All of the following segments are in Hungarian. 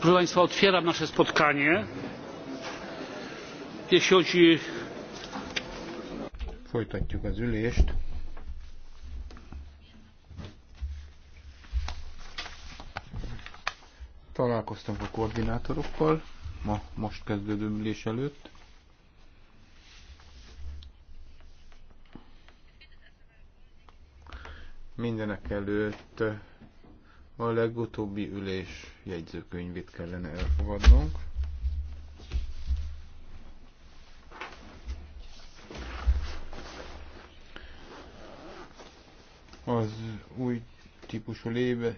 proszę państwa otwieram nasze spotkanie. jeśli chodzi folytatjuk az ülést. találkoztam a koordinátorokkal ma most kezdődő ülés előtt. Mindenek előtt a legutóbbi ülés jegyzőkönyvét kellene elfogadnunk. Az új típusú lébe,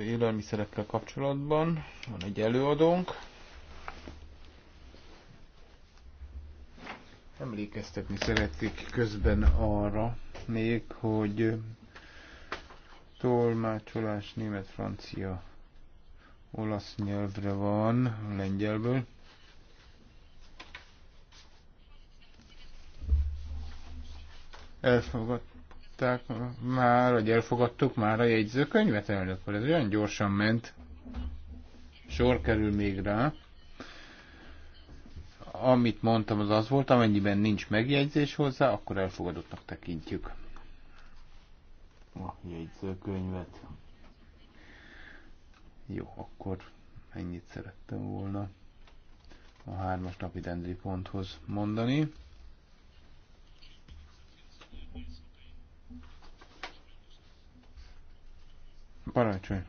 élelmiszerekkel kapcsolatban van egy előadónk. Emlékeztetni szeretnék közben arra még, hogy Tolmácsolás német, francia, olasz nyelvre van, lengyelből. Elfogadták már, vagy elfogadtuk már a jegyzőkönyvet, elnök ez olyan gyorsan ment. Sor kerül még rá amit mondtam, az az volt, amennyiben nincs megjegyzés hozzá, akkor elfogadottnak tekintjük a jegyzőkönyvet. Jó, akkor ennyit szerettem volna a hármas napi dendri ponthoz mondani. Parancsolj!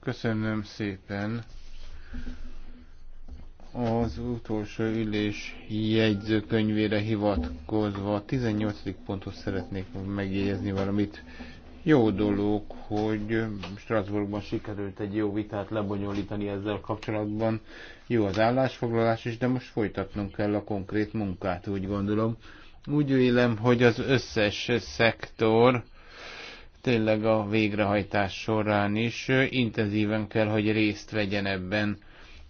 Köszönöm szépen! Az utolsó ülés jegyzőkönyvére hivatkozva a 18. ponthoz szeretnék megjegyezni valamit. Jó dolog, hogy Strasbourgban sikerült egy jó vitát lebonyolítani ezzel kapcsolatban. Jó az állásfoglalás is, de most folytatnunk kell a konkrét munkát, úgy gondolom. Úgy vélem, hogy az összes szektor tényleg a végrehajtás során is intenzíven kell, hogy részt vegyen ebben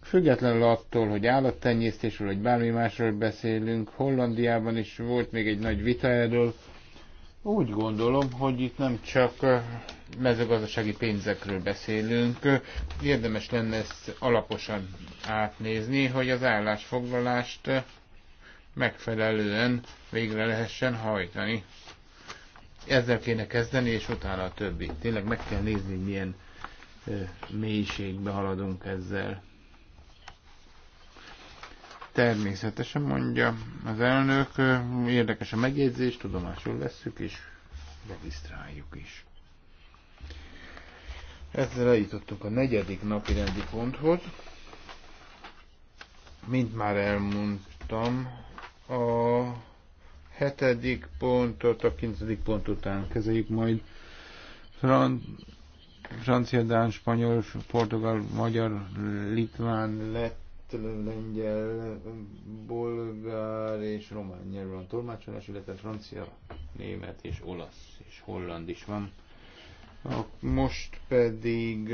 Függetlenül attól, hogy állattenyésztésről vagy bármi másról beszélünk, Hollandiában is volt még egy nagy vita erről. Úgy gondolom, hogy itt nem csak mezőgazdasági pénzekről beszélünk. Érdemes lenne ezt alaposan átnézni, hogy az állásfoglalást megfelelően végre lehessen hajtani. Ezzel kéne kezdeni, és utána a többi. Tényleg meg kell nézni, milyen mélységbe haladunk ezzel. Természetesen mondja az elnök, érdekes a megjegyzés, tudomásul vesszük és regisztráljuk is. Ezzel eljutottunk a negyedik napi rendi ponthoz. Mint már elmondtam, a hetedik pontot, a kincedik pont után kezeljük majd Fran francia, dán, spanyol, portugál, magyar, litván, lett lengyel, bolgár és román nyelvű van tolmácsolás, illetve francia, német és olasz és holland is van. Most pedig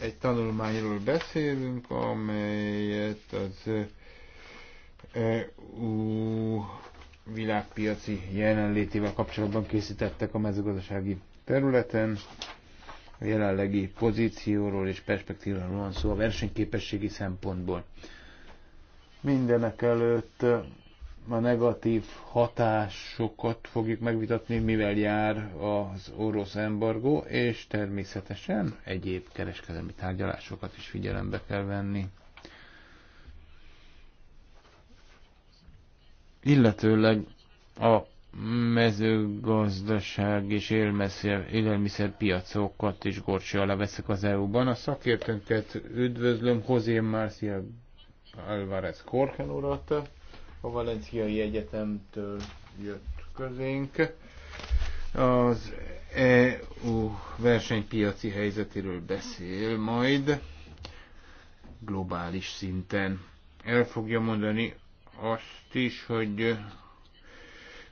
egy tanulmányról beszélünk, amelyet az EU világpiaci jelenlétével kapcsolatban készítettek a mezőgazdasági területen a jelenlegi pozícióról és perspektíváról van szó a versenyképességi szempontból. Mindenek előtt a negatív hatásokat fogjuk megvitatni, mivel jár az orosz embargó, és természetesen egyéb kereskedelmi tárgyalásokat is figyelembe kell venni. Illetőleg a mezőgazdaság és élelmiszerpiacokat is gorcsi alá veszek az EU-ban. A szakértőnket üdvözlöm, José Marcia Alvarez Korken urat, a Valenciai Egyetemtől jött közénk. Az EU versenypiaci helyzetéről beszél majd globális szinten. El fogja mondani azt is, hogy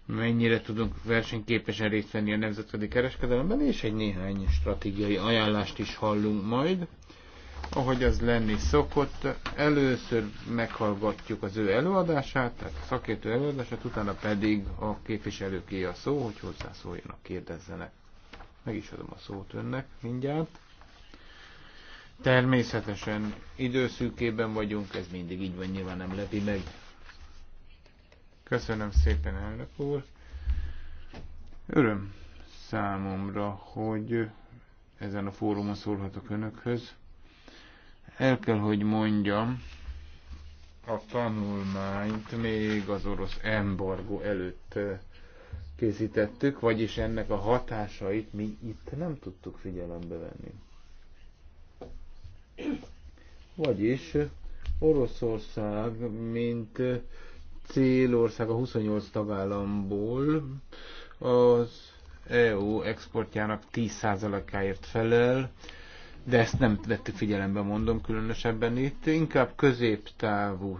mennyire tudunk versenyképesen részt venni a nemzetközi kereskedelemben, és egy néhány stratégiai ajánlást is hallunk majd. Ahogy az lenni szokott, először meghallgatjuk az ő előadását, tehát a szakértő előadását, utána pedig a képviselőké a szó, hogy hozzászóljanak, kérdezzenek. Meg is adom a szót önnek mindjárt. Természetesen időszűkében vagyunk, ez mindig így van, nyilván nem lepi meg Köszönöm szépen, elnök úr. Öröm számomra, hogy ezen a fórumon szólhatok önökhöz. El kell, hogy mondjam, a tanulmányt még az orosz embargó előtt készítettük, vagyis ennek a hatásait mi itt nem tudtuk figyelembe venni. Vagyis Oroszország, mint célország a 28 tagállamból az EU exportjának 10%-áért felel, de ezt nem vettük figyelembe, mondom különösebben itt. Inkább középtávú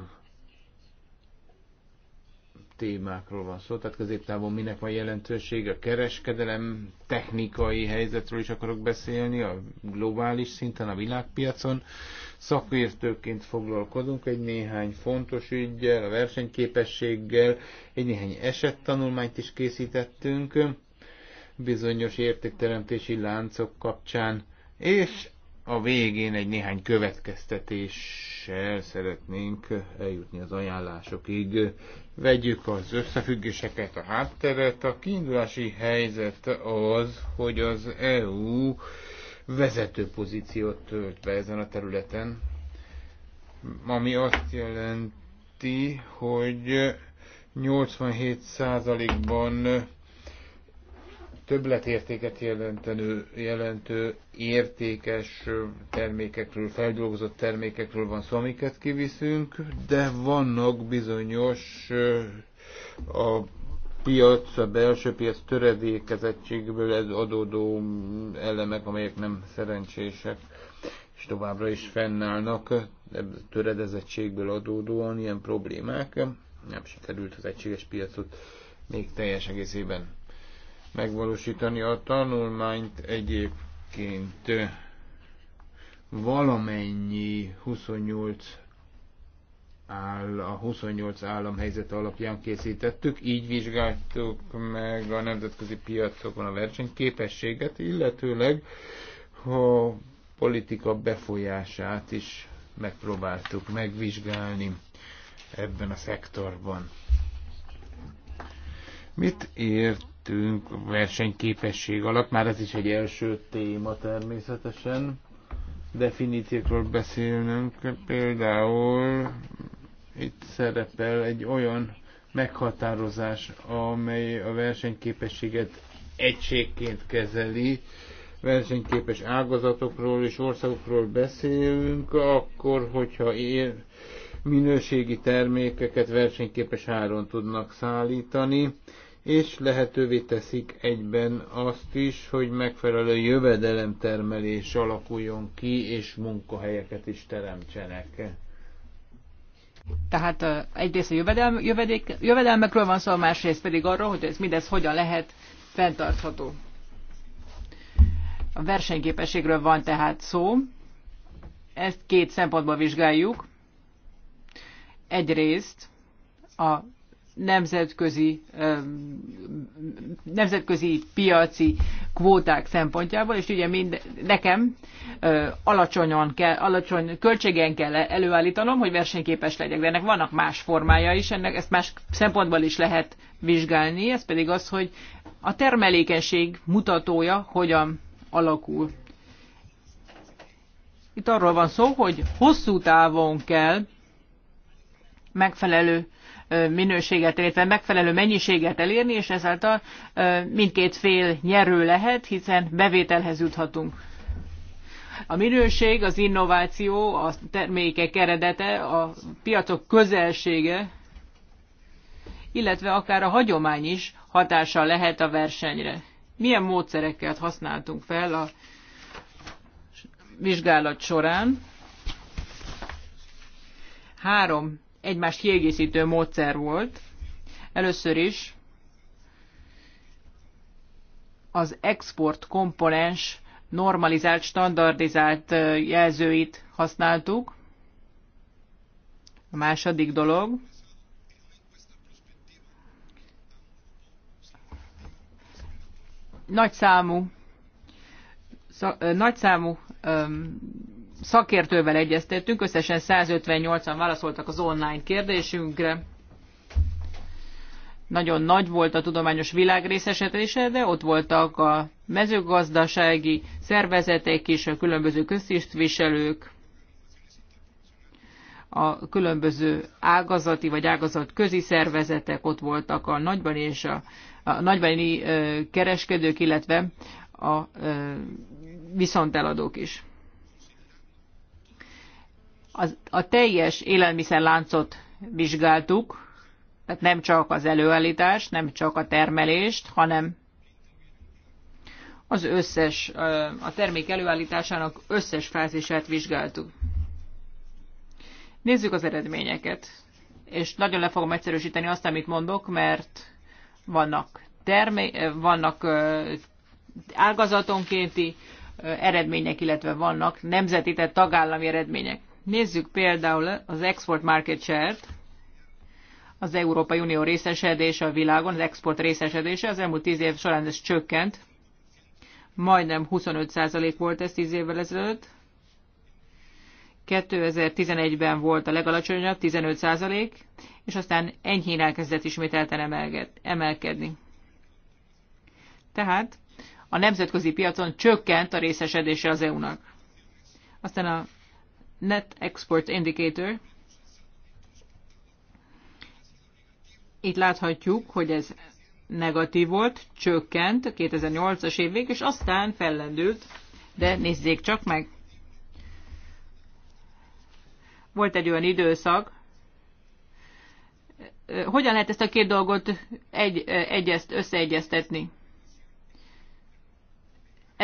témákról van szó, tehát középtávon minek van jelentőség, a kereskedelem technikai helyzetről is akarok beszélni, a globális szinten, a világpiacon. Szakértőként foglalkozunk egy néhány fontos ügyel, a versenyképességgel, egy néhány esettanulmányt is készítettünk bizonyos értékteremtési láncok kapcsán, és a végén egy néhány következtetéssel szeretnénk eljutni az ajánlásokig. Vegyük az összefüggéseket, a hátteret. A kiindulási helyzet az, hogy az EU vezető pozíciót tölt be ezen a területen, ami azt jelenti, hogy 87%-ban többletértéket jelentő, jelentő értékes termékekről, feldolgozott termékekről van szó, amiket kiviszünk, de vannak bizonyos a piac, a belső piac töredékezettségből ez adódó elemek, amelyek nem szerencsések, és továbbra is fennállnak e, töredezettségből adódóan ilyen problémák. Nem sikerült az egységes piacot még teljes egészében megvalósítani a tanulmányt egyébként valamennyi 28 áll, a 28 állam helyzete alapján készítettük, így vizsgáltuk meg a nemzetközi piacokon a versenyképességet, illetőleg a politika befolyását is megpróbáltuk megvizsgálni ebben a szektorban. Mit ért lettünk versenyképesség alatt, már ez is egy első téma természetesen, definíciókról beszélnünk, például itt szerepel egy olyan meghatározás, amely a versenyképességet egységként kezeli, versenyképes ágazatokról és országokról beszélünk, akkor, hogyha ér, minőségi termékeket versenyképes áron tudnak szállítani, és lehetővé teszik egyben azt is, hogy megfelelő jövedelemtermelés alakuljon ki, és munkahelyeket is teremtsenek. Tehát egyrészt a jövedelm, jövedék, jövedelmekről van szó, másrészt pedig arról, hogy ez mindez hogyan lehet fenntartható. A versenyképességről van tehát szó. Ezt két szempontból vizsgáljuk. Egyrészt a nemzetközi, nemzetközi piaci kvóták szempontjából, és ugye mind, nekem alacsonyan kell, alacsony költségen kell előállítanom, hogy versenyképes legyek, de ennek vannak más formája is, ennek ezt más szempontból is lehet vizsgálni, ez pedig az, hogy a termelékenység mutatója hogyan alakul. Itt arról van szó, hogy hosszú távon kell megfelelő minőséget, illetve megfelelő mennyiséget elérni, és ezáltal mindkét fél nyerő lehet, hiszen bevételhez juthatunk. A minőség, az innováció, a termékek eredete, a piacok közelsége, illetve akár a hagyomány is hatással lehet a versenyre. Milyen módszereket használtunk fel a vizsgálat során? Három egymást kiegészítő módszer volt. Először is az export komponens normalizált, standardizált jelzőit használtuk. A második dolog, nagyszámú, szó, nagyszámú öm, szakértővel egyeztettünk, összesen 158-an válaszoltak az online kérdésünkre. Nagyon nagy volt a tudományos világ részesedése, de ott voltak a mezőgazdasági szervezetek is, a különböző köztisztviselők, a különböző ágazati vagy ágazat közi szervezetek, ott voltak a nagybani és a, a nagybani kereskedők, illetve a viszonteladók is. Az, a teljes élelmiszerláncot vizsgáltuk, tehát nem csak az előállítást, nem csak a termelést, hanem az összes, a termék előállításának összes fázisát vizsgáltuk. Nézzük az eredményeket, és nagyon le fogom egyszerűsíteni azt, amit mondok, mert vannak, termé- vannak ágazatonkénti eredmények, illetve vannak nemzeti, tehát tagállami eredmények. Nézzük például az export market share-t, az Európai Unió részesedése a világon, az export részesedése az elmúlt 10 év során ez csökkent, majdnem 25% volt ez 10 évvel ezelőtt, 2011-ben volt a legalacsonyabb, 15%, és aztán enyhén elkezdett ismételten emelkedni. Tehát a nemzetközi piacon csökkent a részesedése az EU-nak. Aztán a Net Export Indicator. Itt láthatjuk, hogy ez negatív volt, csökkent 2008-as évig, és aztán fellendült, de nézzék csak meg. Volt egy olyan időszak, hogyan lehet ezt a két dolgot egy, egyezt, összeegyeztetni?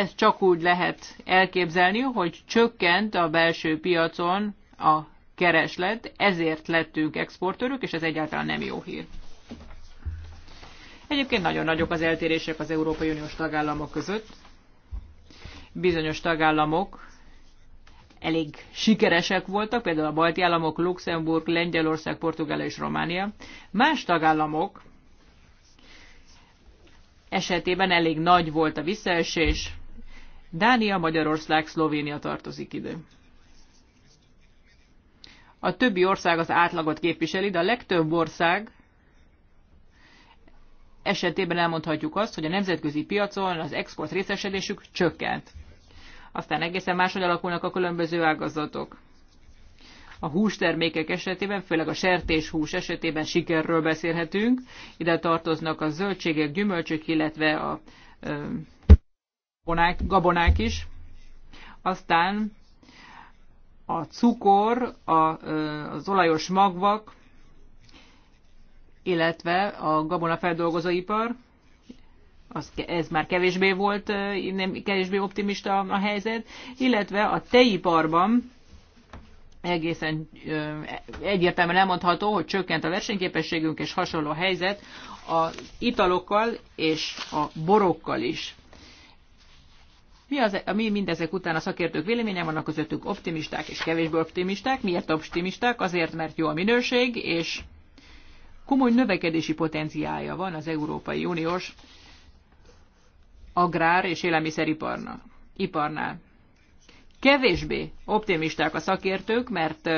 Ezt csak úgy lehet elképzelni, hogy csökkent a belső piacon a kereslet, ezért lettünk exportőrök, és ez egyáltalán nem jó hír. Egyébként nagyon nagyok az eltérések az Európai Uniós tagállamok között. Bizonyos tagállamok elég sikeresek voltak, például a balti államok, Luxemburg, Lengyelország, Portugália és Románia. Más tagállamok esetében elég nagy volt a visszaesés, Dánia, Magyarország, Szlovénia tartozik ide. A többi ország az átlagot képviseli, de a legtöbb ország esetében elmondhatjuk azt, hogy a nemzetközi piacon az export részesedésük csökkent. Aztán egészen máshogy alakulnak a különböző ágazatok. A hústermékek esetében, főleg a sertéshús esetében sikerről beszélhetünk. Ide tartoznak a zöldségek, gyümölcsök, illetve a gabonák, gabonák is. Aztán a cukor, a, az olajos magvak, illetve a gabona feldolgozóipar, az, ez már kevésbé volt, nem, kevésbé optimista a helyzet, illetve a tejiparban egészen egyértelműen elmondható, hogy csökkent a versenyképességünk és hasonló helyzet az italokkal és a borokkal is. Mi, az, mi mindezek után a szakértők véleménye vannak közöttük optimisták és kevésbé optimisták. Miért optimisták? Azért, mert jó a minőség, és komoly növekedési potenciálja van az Európai Uniós agrár- és élelmiszeriparnál. Kevésbé optimisták a szakértők, mert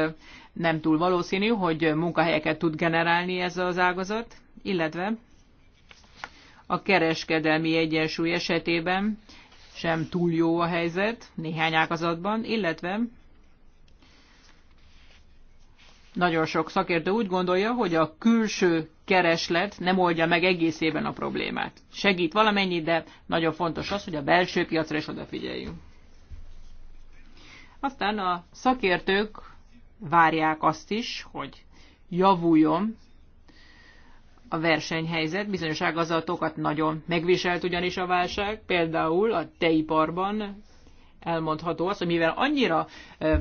nem túl valószínű, hogy munkahelyeket tud generálni ez az ágazat, illetve a kereskedelmi egyensúly esetében sem túl jó a helyzet néhány ágazatban, illetve nagyon sok szakértő úgy gondolja, hogy a külső kereslet nem oldja meg egészében a problémát. Segít valamennyi, de nagyon fontos az, hogy a belső piacra is odafigyeljünk. Aztán a szakértők várják azt is, hogy javuljon a versenyhelyzet. Bizonyos ágazatokat nagyon megviselt ugyanis a válság, például a teiparban elmondható az, hogy mivel annyira e,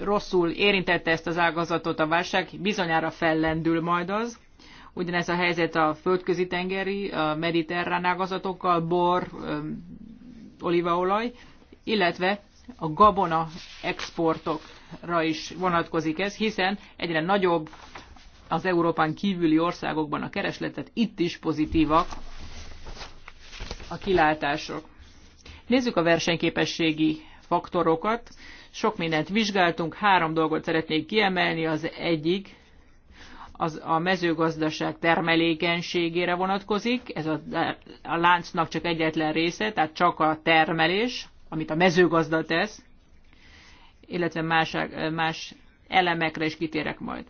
rosszul érintette ezt az ágazatot a válság, bizonyára fellendül majd az. Ugyanez a helyzet a földközi tengeri, a mediterrán ágazatokkal, bor, e, olívaolaj, illetve a gabona exportokra is vonatkozik ez, hiszen egyre nagyobb az Európán kívüli országokban a keresletet, itt is pozitívak a kilátások. Nézzük a versenyképességi faktorokat. Sok mindent vizsgáltunk, három dolgot szeretnék kiemelni. Az egyik az a mezőgazdaság termelékenységére vonatkozik, ez a, a láncnak csak egyetlen része, tehát csak a termelés, amit a mezőgazda tesz, illetve más, más elemekre is kitérek majd.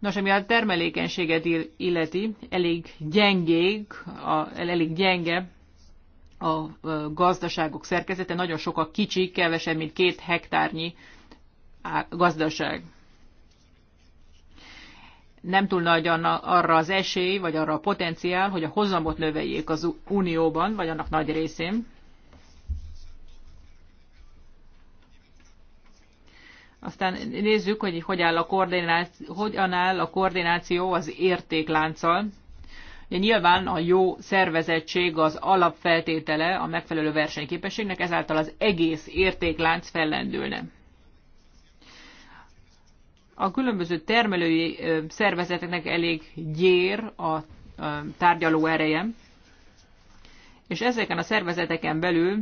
Nos, ami a termelékenységet illeti, elég gyengék, a, elég gyenge a gazdaságok szerkezete, nagyon sok a kicsi, kevesebb, mint két hektárnyi gazdaság. Nem túl nagy arra az esély, vagy arra a potenciál, hogy a hozamot növeljék az Unióban, vagy annak nagy részén. Aztán nézzük, hogy hogy áll a koordináció, hogyan áll a koordináció az értéklánccal. Ugye nyilván a jó szervezettség az alapfeltétele a megfelelő versenyképességnek, ezáltal az egész értéklánc fellendülne. A különböző termelői szervezeteknek elég gyér a tárgyaló ereje, és ezeken a szervezeteken belül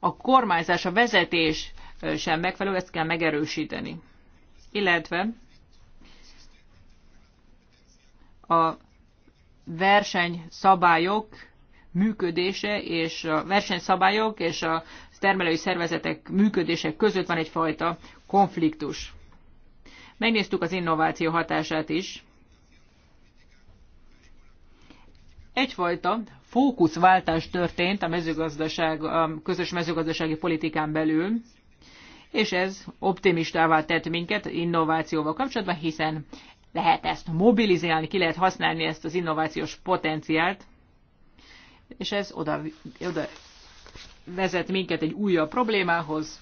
a kormányzás, a vezetés sem megfelelő, ezt kell megerősíteni. Illetve a versenyszabályok működése és a versenyszabályok és a termelői szervezetek működése között van egyfajta konfliktus. Megnéztük az innováció hatását is. Egyfajta fókuszváltás történt a, mezőgazdaság, a közös mezőgazdasági politikán belül és ez optimistává tett minket innovációval kapcsolatban, hiszen lehet ezt mobilizálni, ki lehet használni ezt az innovációs potenciált, és ez oda, oda vezet minket egy újabb problémához.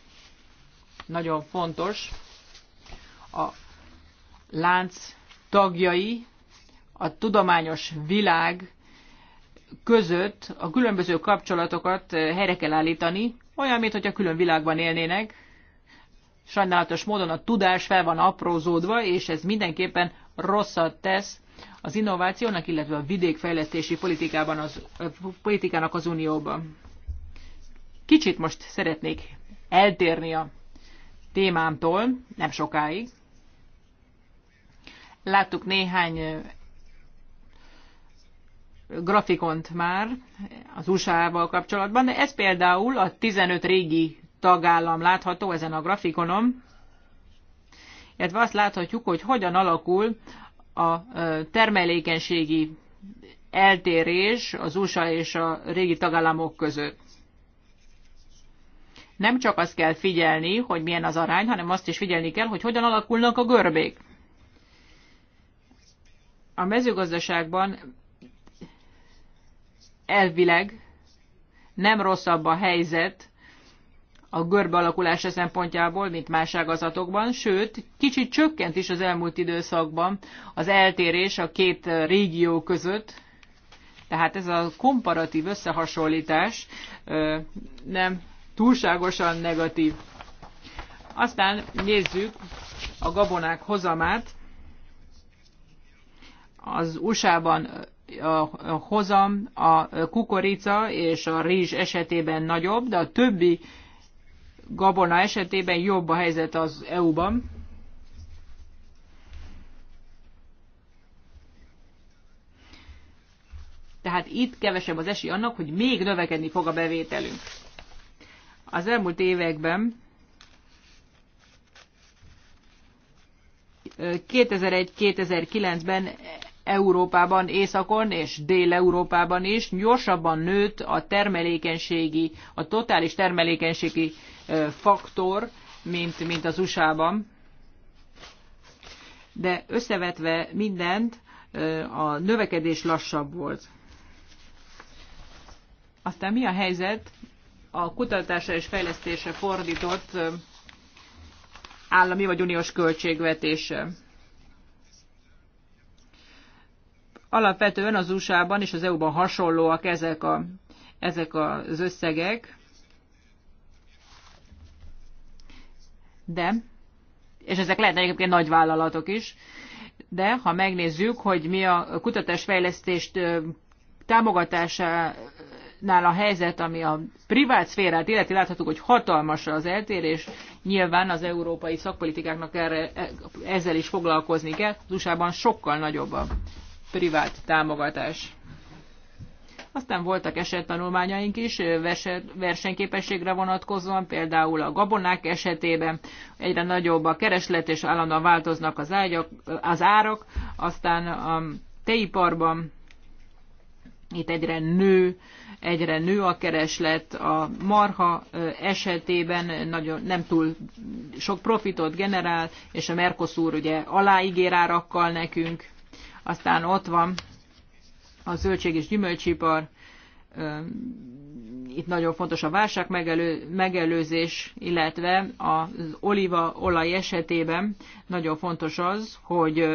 Nagyon fontos a lánc tagjai a tudományos világ között a különböző kapcsolatokat helyre kell állítani, olyan, mintha külön világban élnének, sajnálatos módon a tudás fel van aprózódva, és ez mindenképpen rosszat tesz az innovációnak, illetve a vidékfejlesztési politikában az, politikának az Unióban. Kicsit most szeretnék eltérni a témámtól, nem sokáig. Láttuk néhány grafikont már az USA-val kapcsolatban, de ez például a 15 régi tagállam látható ezen a grafikonon, illetve azt láthatjuk, hogy hogyan alakul a termelékenységi eltérés az USA és a régi tagállamok között. Nem csak azt kell figyelni, hogy milyen az arány, hanem azt is figyelni kell, hogy hogyan alakulnak a görbék. A mezőgazdaságban elvileg nem rosszabb a helyzet, a görbe alakulása szempontjából, mint más ágazatokban, sőt, kicsit csökkent is az elmúlt időszakban az eltérés a két régió között, tehát ez a komparatív összehasonlítás nem túlságosan negatív. Aztán nézzük a gabonák hozamát. Az USA-ban a hozam a kukorica és a rizs esetében nagyobb, de a többi gabona esetében jobb a helyzet az EU-ban. Tehát itt kevesebb az esély annak, hogy még növekedni fog a bevételünk. Az elmúlt években 2001-2009-ben Európában, Északon és Dél-Európában is gyorsabban nőtt a termelékenységi, a totális termelékenységi faktor, mint, mint az USA-ban. De összevetve mindent, a növekedés lassabb volt. Aztán mi a helyzet a kutatása és fejlesztése fordított állami vagy uniós költségvetése? Alapvetően az USA-ban és az EU-ban hasonlóak ezek, a, ezek az összegek, de, és ezek lehetnek egyébként nagy vállalatok is, de ha megnézzük, hogy mi a kutatásfejlesztést támogatásánál a helyzet, ami a privát szférát illeti, láthatjuk, hogy hatalmas az eltérés. Nyilván az európai szakpolitikáknak erre, ezzel is foglalkozni kell. Az USA-ban sokkal nagyobb a privát támogatás. Aztán voltak esettanulmányaink is versenyképességre vonatkozóan, például a gabonák esetében egyre nagyobb a kereslet, és állandóan változnak az, ágyak, az árak, aztán a teiparban itt egyre nő, egyre nő a kereslet, a marha esetében nagyon, nem túl sok profitot generál, és a Mercosur ugye árakkal nekünk, aztán ott van a zöldség és gyümölcsipar, itt nagyon fontos a válság megelő, megelőzés, illetve az oliva olaj esetében nagyon fontos az, hogy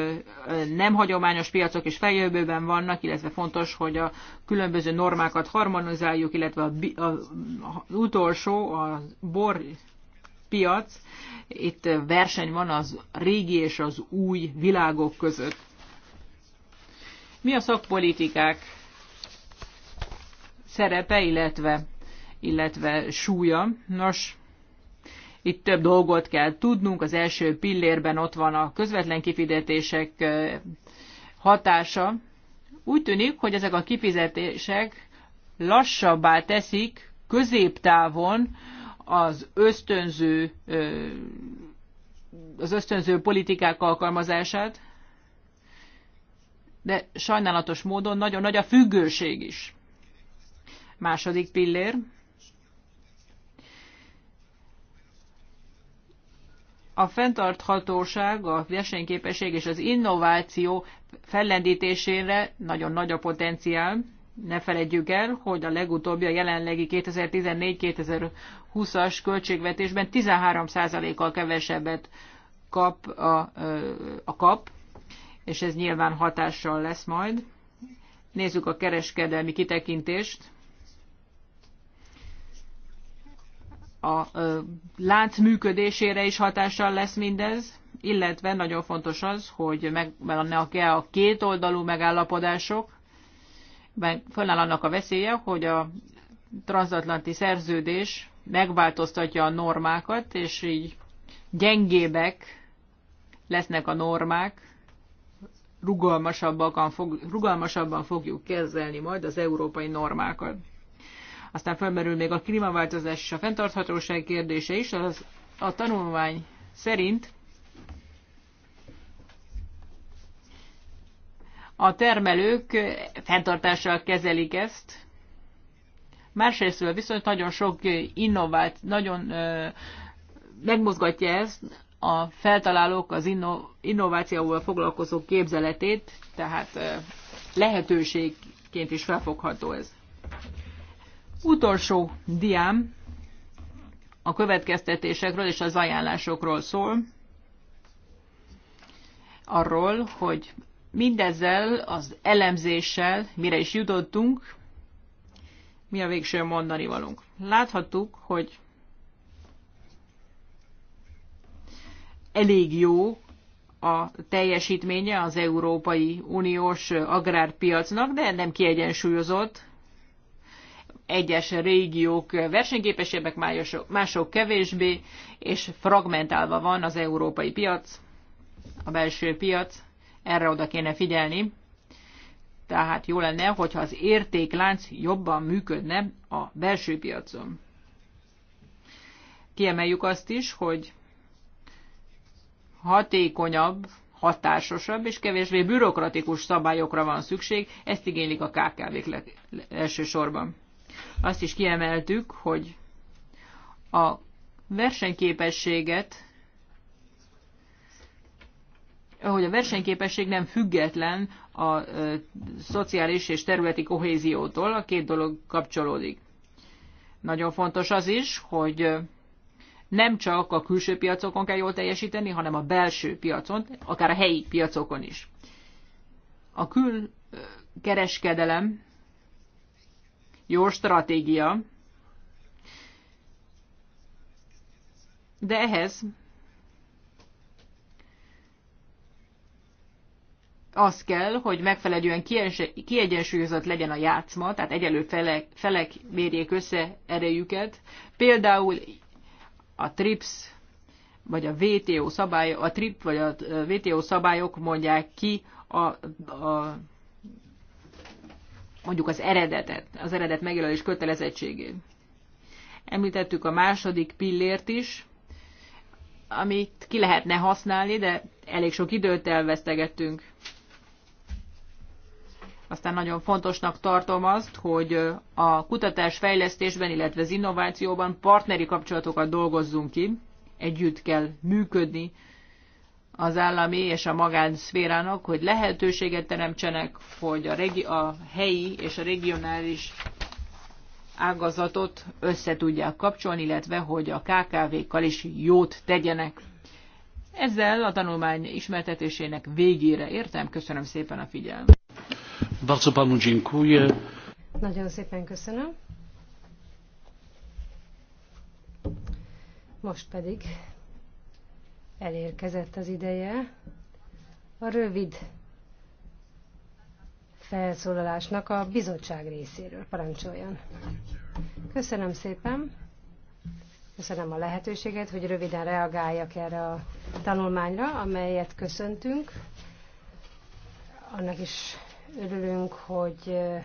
nem hagyományos piacok is feljövőben vannak, illetve fontos, hogy a különböző normákat harmonizáljuk, illetve a, a, az utolsó, a bor piac, itt verseny van az régi és az új világok között. Mi a szakpolitikák szerepe, illetve, illetve súlya? Nos, itt több dolgot kell tudnunk. Az első pillérben ott van a közvetlen kifizetések hatása. Úgy tűnik, hogy ezek a kifizetések lassabbá teszik középtávon az ösztönző, az ösztönző politikák alkalmazását de sajnálatos módon nagyon nagy a függőség is. Második pillér. A fenntarthatóság, a versenyképesség és az innováció fellendítésére nagyon nagy a potenciál. Ne feledjük el, hogy a legutóbbi, a jelenlegi 2014-2020-as költségvetésben 13%-kal kevesebbet kap a, a kap, és ez nyilván hatással lesz majd. Nézzük a kereskedelmi kitekintést. A ö, lánc működésére is hatással lesz mindez, illetve nagyon fontos az, hogy megvannak -e a oldalú megállapodások, mert fönnáll annak a veszélye, hogy a transatlanti szerződés megváltoztatja a normákat, és így gyengébbek lesznek a normák, rugalmasabban, fog, rugalmasabban fogjuk kezelni majd az európai normákat. Aztán felmerül még a klímaváltozás és a fenntarthatóság kérdése is. Az, a tanulmány szerint a termelők fenntartással kezelik ezt, Másrészt viszont nagyon sok innovált, nagyon megmozgatja ezt a feltalálók az inno, innovációval foglalkozó képzeletét, tehát lehetőségként is felfogható ez. Utolsó diám a következtetésekről és az ajánlásokról szól, arról, hogy mindezzel az elemzéssel mire is jutottunk, mi a végső mondani valunk. Láthattuk, hogy elég jó a teljesítménye az Európai Uniós agrárpiacnak, de nem kiegyensúlyozott. Egyes régiók versenyképesebbek, mások kevésbé, és fragmentálva van az európai piac, a belső piac. Erre oda kéne figyelni. Tehát jó lenne, hogyha az értéklánc jobban működne a belső piacon. Kiemeljük azt is, hogy hatékonyabb, hatásosabb és kevésbé bürokratikus szabályokra van szükség, ezt igénylik a KKV-k elsősorban. Azt is kiemeltük, hogy a versenyképességet, hogy a versenyképesség nem független a ö, szociális és területi kohéziótól, a két dolog kapcsolódik. Nagyon fontos az is, hogy nem csak a külső piacokon kell jól teljesíteni, hanem a belső piacon, akár a helyi piacokon is. A külkereskedelem jó stratégia, de ehhez az kell, hogy megfelelően kiegyensúlyozott legyen a játszma, tehát egyelő felek, felek mérjék össze erejüket. Például a TRIPS vagy a VTO szabály, a TRIP vagy a VTO szabályok mondják ki a, a mondjuk az eredetet, az eredet megjelölés kötelezettségét. Említettük a második pillért is, amit ki lehetne használni, de elég sok időt elvesztegettünk aztán nagyon fontosnak tartom azt, hogy a kutatás fejlesztésben, illetve az innovációban partneri kapcsolatokat dolgozzunk ki, együtt kell működni az állami és a magánszférának, hogy lehetőséget teremtsenek, hogy a, regi- a helyi és a regionális ágazatot össze tudják kapcsolni, illetve hogy a KKV-kkal is jót tegyenek. Ezzel a tanulmány ismertetésének végére értem. Köszönöm szépen a figyelmet. Bardzo panu dziękuję. Nagyon szépen köszönöm. Most pedig elérkezett az ideje a rövid felszólalásnak a bizottság részéről. Parancsoljon! Köszönöm szépen! Köszönöm a lehetőséget, hogy röviden reagáljak erre a tanulmányra, amelyet köszöntünk. Annak is Örülünk, hogy eh,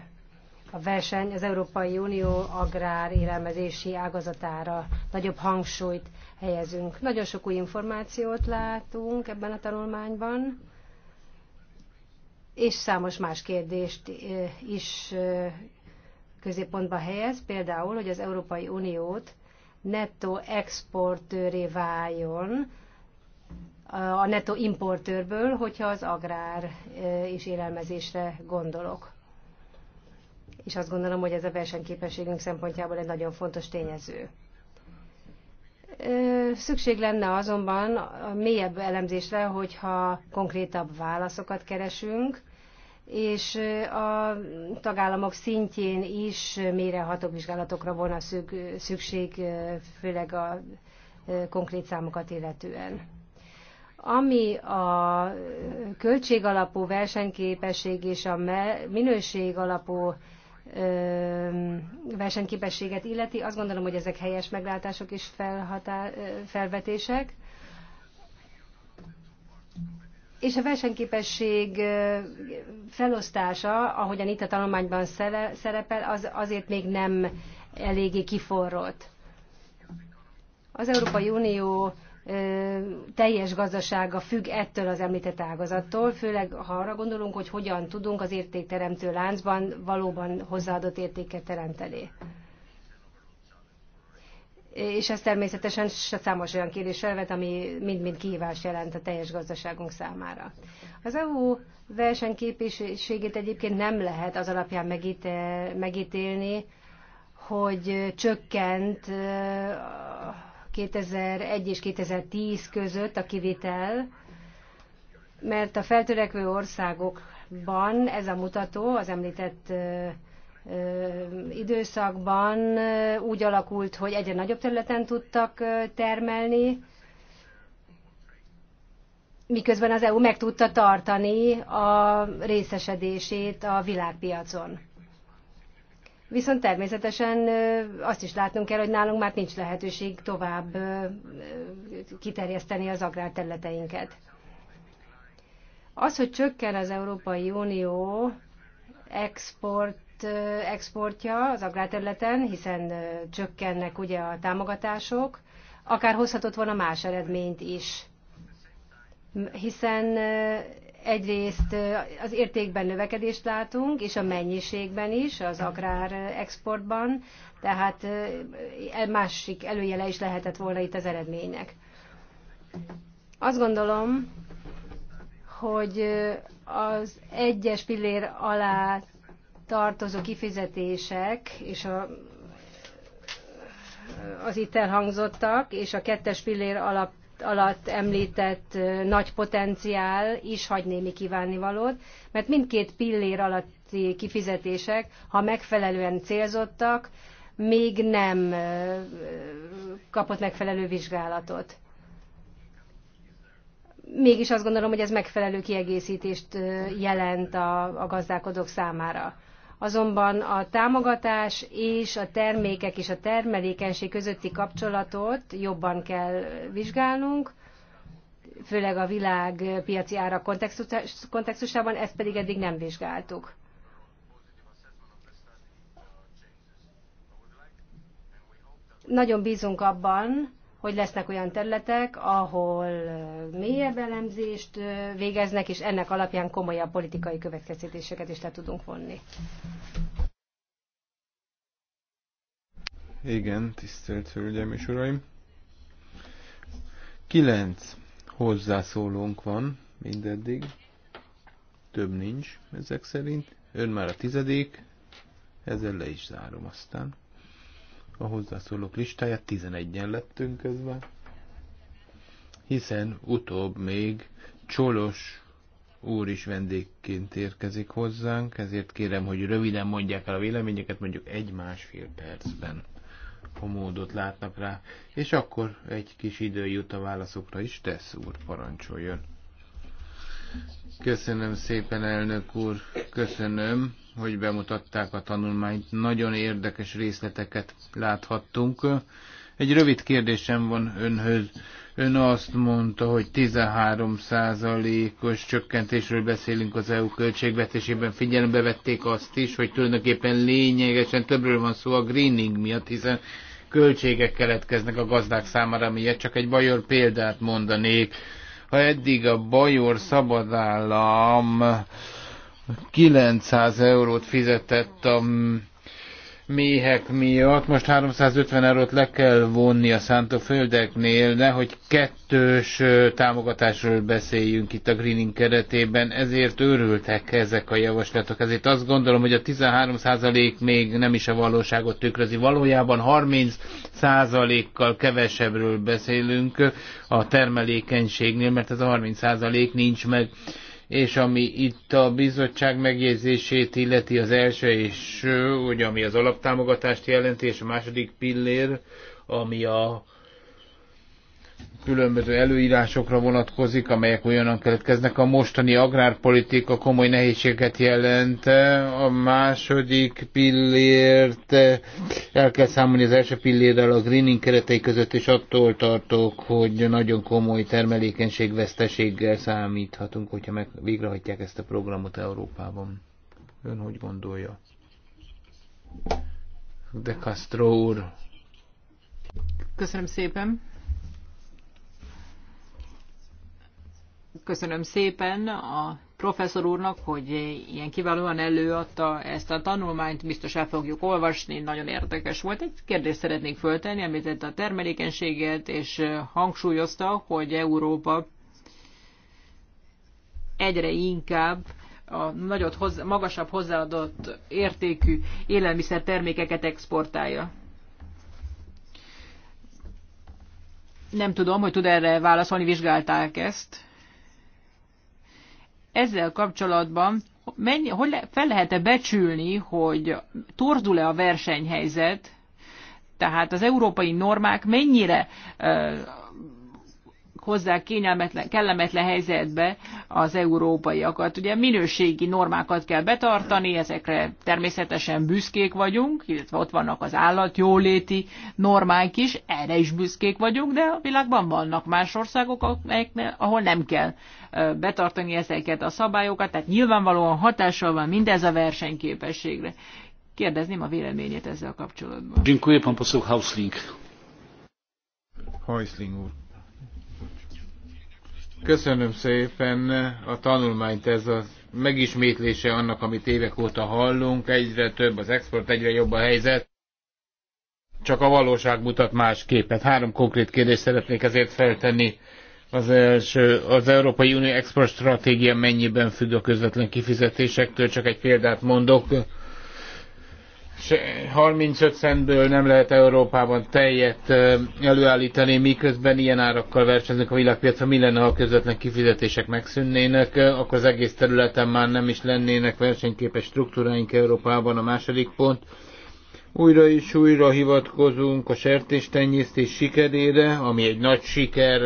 a verseny az Európai Unió agrár élelmezési ágazatára nagyobb hangsúlyt helyezünk. Nagyon sok új információt látunk ebben a tanulmányban, és számos más kérdést eh, is eh, középpontba helyez, például, hogy az Európai Uniót nettó exportőré váljon, a netto importőrből, hogyha az agrár és élelmezésre gondolok. És azt gondolom, hogy ez a versenyképességünk szempontjából egy nagyon fontos tényező. Szükség lenne azonban a mélyebb elemzésre, hogyha konkrétabb válaszokat keresünk, és a tagállamok szintjén is mélyreható vizsgálatokra volna szükség, főleg a konkrét számokat illetően. Ami a költségalapú versenyképesség és a minőség alapú versenyképességet illeti, azt gondolom, hogy ezek helyes meglátások és felvetések. És a versenyképesség felosztása, ahogyan itt a tanulmányban szerepel, az azért még nem eléggé kiforrott. Az Európai Unió teljes gazdasága függ ettől az említett ágazattól, főleg ha arra gondolunk, hogy hogyan tudunk az értékteremtő láncban valóban hozzáadott értéket teremteni. És ez természetesen számos olyan kérdés felvet, ami mind-mind kihívás jelent a teljes gazdaságunk számára. Az EU versenyképességét egyébként nem lehet az alapján megítélni, hogy csökkent 2001 és 2010 között a kivitel, mert a feltörekvő országokban ez a mutató az említett időszakban úgy alakult, hogy egyre nagyobb területen tudtak termelni, miközben az EU meg tudta tartani a részesedését a világpiacon. Viszont természetesen azt is látnunk kell, hogy nálunk már nincs lehetőség tovább kiterjeszteni az agrárterületeinket. Az, hogy csökken az Európai Unió export, exportja az agrárterületen, hiszen csökkennek ugye a támogatások, akár hozhatott volna más eredményt is. Hiszen egyrészt az értékben növekedést látunk, és a mennyiségben is, az agrár exportban, tehát e másik előjele is lehetett volna itt az eredménynek. Azt gondolom, hogy az egyes pillér alá tartozó kifizetések és a, az itt elhangzottak, és a kettes pillér alap alatt említett nagy potenciál is hagy némi kívánnivalót, mert mindkét pillér alatti kifizetések, ha megfelelően célzottak, még nem kapott megfelelő vizsgálatot. Mégis azt gondolom, hogy ez megfelelő kiegészítést jelent a, a gazdálkodók számára azonban a támogatás és a termékek és a termelékenység közötti kapcsolatot jobban kell vizsgálnunk, főleg a világ piaci ára kontextusában, ezt pedig eddig nem vizsgáltuk. Nagyon bízunk abban, hogy lesznek olyan területek, ahol mélyebb elemzést végeznek, és ennek alapján komolyabb politikai következtetéseket is le tudunk vonni. Igen, tisztelt Hölgyeim és Uraim! Kilenc hozzászólónk van mindeddig. Több nincs ezek szerint. Ön már a tizedik. Ezzel le is zárom aztán a hozzászólók listáját, 11-en lettünk közben, hiszen utóbb még Csolos úr is vendégként érkezik hozzánk, ezért kérem, hogy röviden mondják el a véleményeket, mondjuk egy-másfél percben, ha módot látnak rá, és akkor egy kis idő jut a válaszokra is, tesz úr, parancsoljon. Köszönöm szépen, elnök úr, köszönöm hogy bemutatták a tanulmányt. Nagyon érdekes részleteket láthattunk. Egy rövid kérdésem van önhöz. Ön azt mondta, hogy 13%-os csökkentésről beszélünk az EU költségvetésében. Figyelembe vették azt is, hogy tulajdonképpen lényegesen többről van szó a greening miatt, hiszen költségek keletkeznek a gazdák számára, miért csak egy bajor példát mondanék. Ha eddig a bajor szabadállam 900 eurót fizetett a méhek miatt. Most 350 eurót le kell vonni a szántóföldeknél, de hogy kettős támogatásról beszéljünk itt a greening keretében, ezért örültek ezek a javaslatok. Ezért azt gondolom, hogy a 13% még nem is a valóságot tükrözi. Valójában 30%-kal kevesebbről beszélünk a termelékenységnél, mert ez a 30% nincs meg és ami itt a bizottság megjegyzését illeti az első, és ugye ami az alaptámogatást jelenti, és a második pillér, ami a különböző előírásokra vonatkozik, amelyek olyanan keletkeznek. A mostani agrárpolitika komoly nehézséget jelent. A második pillért el kell számolni az első pillérrel a greening keretei között, és attól tartok, hogy nagyon komoly termelékenységveszteséggel számíthatunk, hogyha meg végrehajtják ezt a programot Európában. Ön hogy gondolja? De Castro úr. Köszönöm szépen. Köszönöm szépen a professzor úrnak, hogy ilyen kiválóan előadta ezt a tanulmányt, biztos el fogjuk olvasni, nagyon érdekes volt. Egy kérdést szeretnék föltenni, említette a termelékenységet, és hangsúlyozta, hogy Európa egyre inkább a nagyot hozzá, magasabb hozzáadott értékű élelmiszer termékeket exportálja. Nem tudom, hogy tud erre válaszolni, vizsgálták ezt ezzel kapcsolatban mennyi, hogy le, fel lehet-e becsülni, hogy torzul-e a versenyhelyzet, tehát az európai normák mennyire hozzák kényelmetlen, kellemetlen helyzetbe az európaiakat. Ugye minőségi normákat kell betartani, ezekre természetesen büszkék vagyunk, illetve ott vannak az állatjóléti normák is, erre is büszkék vagyunk, de a világban vannak más országok, ahol nem kell betartani ezeket a szabályokat, tehát nyilvánvalóan hatással van mindez a versenyképességre. Kérdezném a véleményét ezzel a kapcsolatban. Dziękuję, pan poseł Hausling. Häusling úr. Köszönöm szépen a tanulmányt, ez a megismétlése annak, amit évek óta hallunk, egyre több az export, egyre jobb a helyzet. Csak a valóság mutat más képet. Három konkrét kérdést szeretnék ezért feltenni. Az első, az Európai Unió export stratégia mennyiben függ a közvetlen kifizetésektől? Csak egy példát mondok 35 centből nem lehet Európában tejet előállítani, miközben ilyen árakkal versenyzünk a világpiacon. Mi lenne, ha a közvetlen kifizetések megszűnnének, akkor az egész területen már nem is lennének versenyképes struktúráink Európában. A második pont. Újra és újra hivatkozunk a sertéstenyésztés sikerére, ami egy nagy siker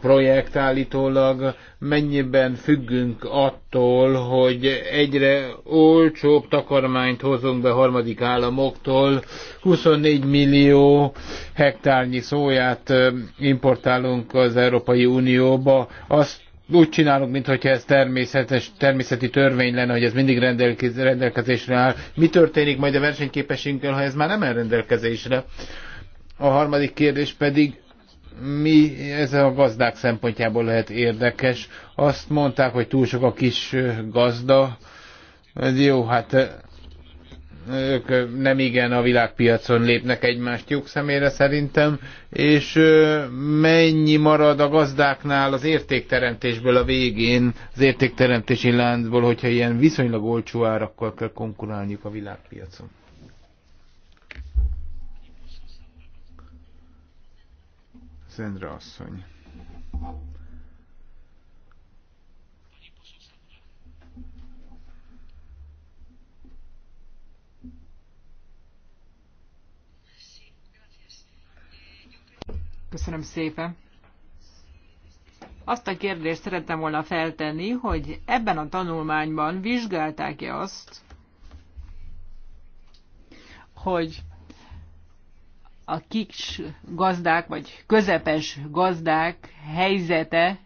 projekt állítólag, mennyiben függünk attól, hogy egyre olcsóbb takarmányt hozunk be harmadik államoktól. 24 millió hektárnyi szóját importálunk az Európai Unióba. Azt úgy csinálunk, mintha ez természetes, természeti törvény lenne, hogy ez mindig rendelkezésre áll. Mi történik majd a versenyképességünkkel, ha ez már nem áll rendelkezésre? A harmadik kérdés pedig, mi ez a gazdák szempontjából lehet érdekes. Azt mondták, hogy túl sok a kis gazda. Jó, hát ők nem igen a világpiacon lépnek egymást lyuk szemére szerintem, és mennyi marad a gazdáknál az értékteremtésből a végén, az értékteremtési láncból, hogyha ilyen viszonylag olcsó árakkal kell konkurálniuk a világpiacon. Szendre asszony. Köszönöm szépen. Azt a kérdést szerettem volna feltenni, hogy ebben a tanulmányban vizsgálták-e azt, hogy a kics gazdák, vagy közepes gazdák helyzete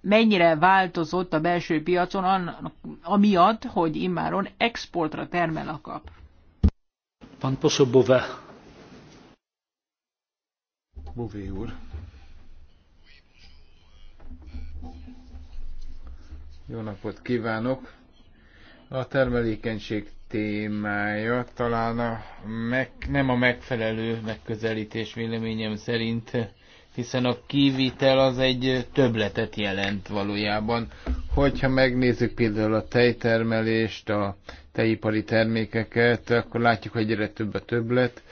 mennyire változott a belső piacon amiatt, hogy immáron exportra termel a kap. Pan poseł Bové úr. Jó napot kívánok! A termelékenység témája talán a meg, nem a megfelelő megközelítés véleményem szerint, hiszen a kivitel az egy töbletet jelent valójában. Hogyha megnézzük például a tejtermelést, a tejipari termékeket, akkor látjuk, hogy egyre több a töblet,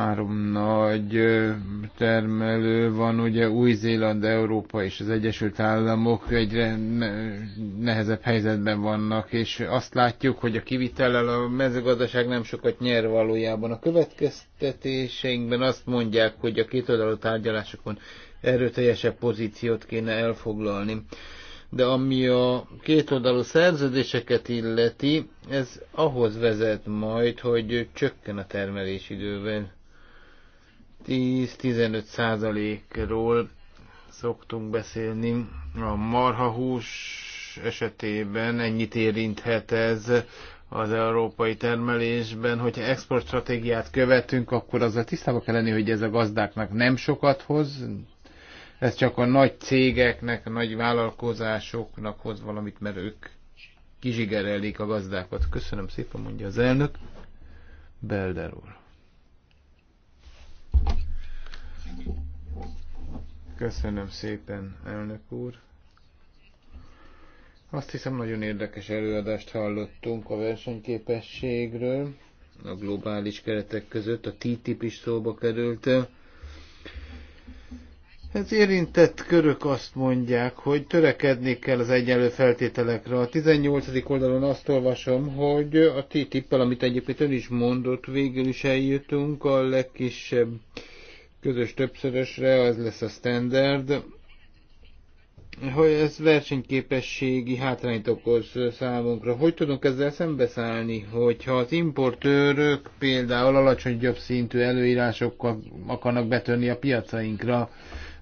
három nagy termelő van, ugye Új-Zéland, Európa és az Egyesült Államok egyre nehezebb helyzetben vannak, és azt látjuk, hogy a kivitellel a mezőgazdaság nem sokat nyer valójában. A következtetéseinkben azt mondják, hogy a kétoldalú tárgyalásokon erőteljesebb pozíciót kéne elfoglalni de ami a kétoldalú szerződéseket illeti, ez ahhoz vezet majd, hogy csökken a termelés idővel. 10-15 százalékról szoktunk beszélni. A marhahús esetében ennyit érinthet ez az európai termelésben. Hogyha exportstratégiát követünk, akkor azzal tisztában kell lenni, hogy ez a gazdáknak nem sokat hoz, ez csak a nagy cégeknek, a nagy vállalkozásoknak hoz valamit, mert ők kizsigerelik a gazdákat. Köszönöm szépen, mondja az elnök. Belder úr. Köszönöm szépen, elnök úr. Azt hiszem, nagyon érdekes előadást hallottunk a versenyképességről, a globális keretek között, a TTIP is szóba került. Ez érintett körök azt mondják, hogy törekedni kell az egyenlő feltételekre. A 18. oldalon azt olvasom, hogy a TTIP-el, amit egyébként ön is mondott, végül is eljutunk a legkisebb közös többszörösre, az lesz a standard, hogy ez versenyképességi hátrányt okoz számunkra. Hogy tudunk ezzel szembeszállni, hogyha az importőrök például alacsonyabb szintű előírásokkal akarnak betörni a piacainkra,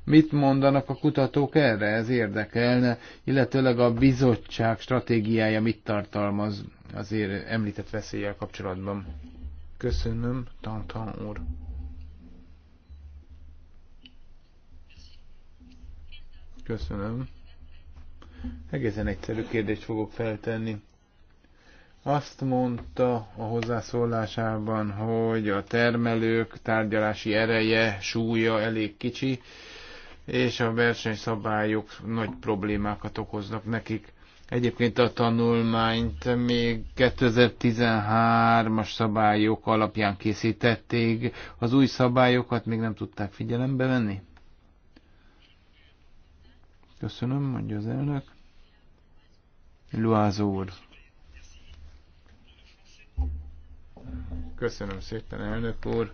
mit mondanak a kutatók erre? Ez érdekelne, illetőleg a bizottság stratégiája mit tartalmaz azért említett veszélyel kapcsolatban. Köszönöm, Tantan úr. Köszönöm. Egészen egyszerű kérdést fogok feltenni. Azt mondta a hozzászólásában, hogy a termelők tárgyalási ereje, súlya elég kicsi, és a versenyszabályok nagy problémákat okoznak nekik. Egyébként a tanulmányt még 2013-as szabályok alapján készítették, az új szabályokat még nem tudták figyelembe venni? Köszönöm, mondja az elnök. Luáz úr. Köszönöm szépen, elnök úr.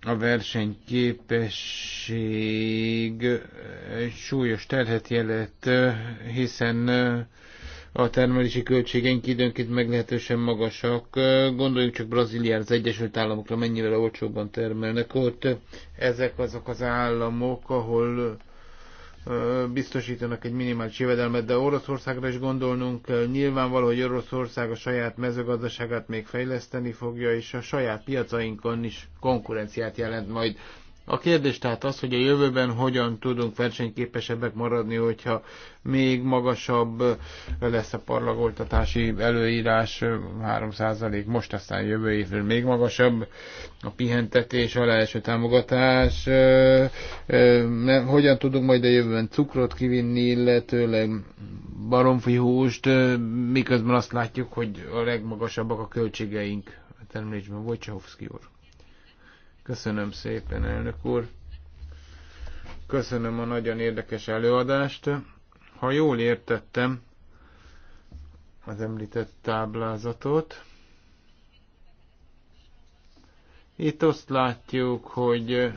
A versenyképesség súlyos terhet jelent, hiszen a termelési költségeink időnként meglehetősen magasak. Gondoljunk csak Brazíliára, az Egyesült Államokra mennyivel olcsóbban termelnek ott. Ezek azok az államok, ahol biztosítanak egy minimális jövedelmet, de Oroszországra is gondolnunk kell. Nyilvánvaló, hogy Oroszország a saját mezőgazdaságát még fejleszteni fogja, és a saját piacainkon is konkurenciát jelent majd. A kérdés tehát az, hogy a jövőben hogyan tudunk versenyképesebbek maradni, hogyha még magasabb lesz a parlagoltatási előírás 3%, most aztán jövő évről még magasabb a pihentetés, a leeső támogatás, hogyan tudunk majd a jövőben cukrot kivinni, illetőleg baromfi húst, miközben azt látjuk, hogy a legmagasabbak a költségeink a termelésben. Wojciechowski úr. Köszönöm szépen, elnök úr. Köszönöm a nagyon érdekes előadást. Ha jól értettem az említett táblázatot, itt azt látjuk, hogy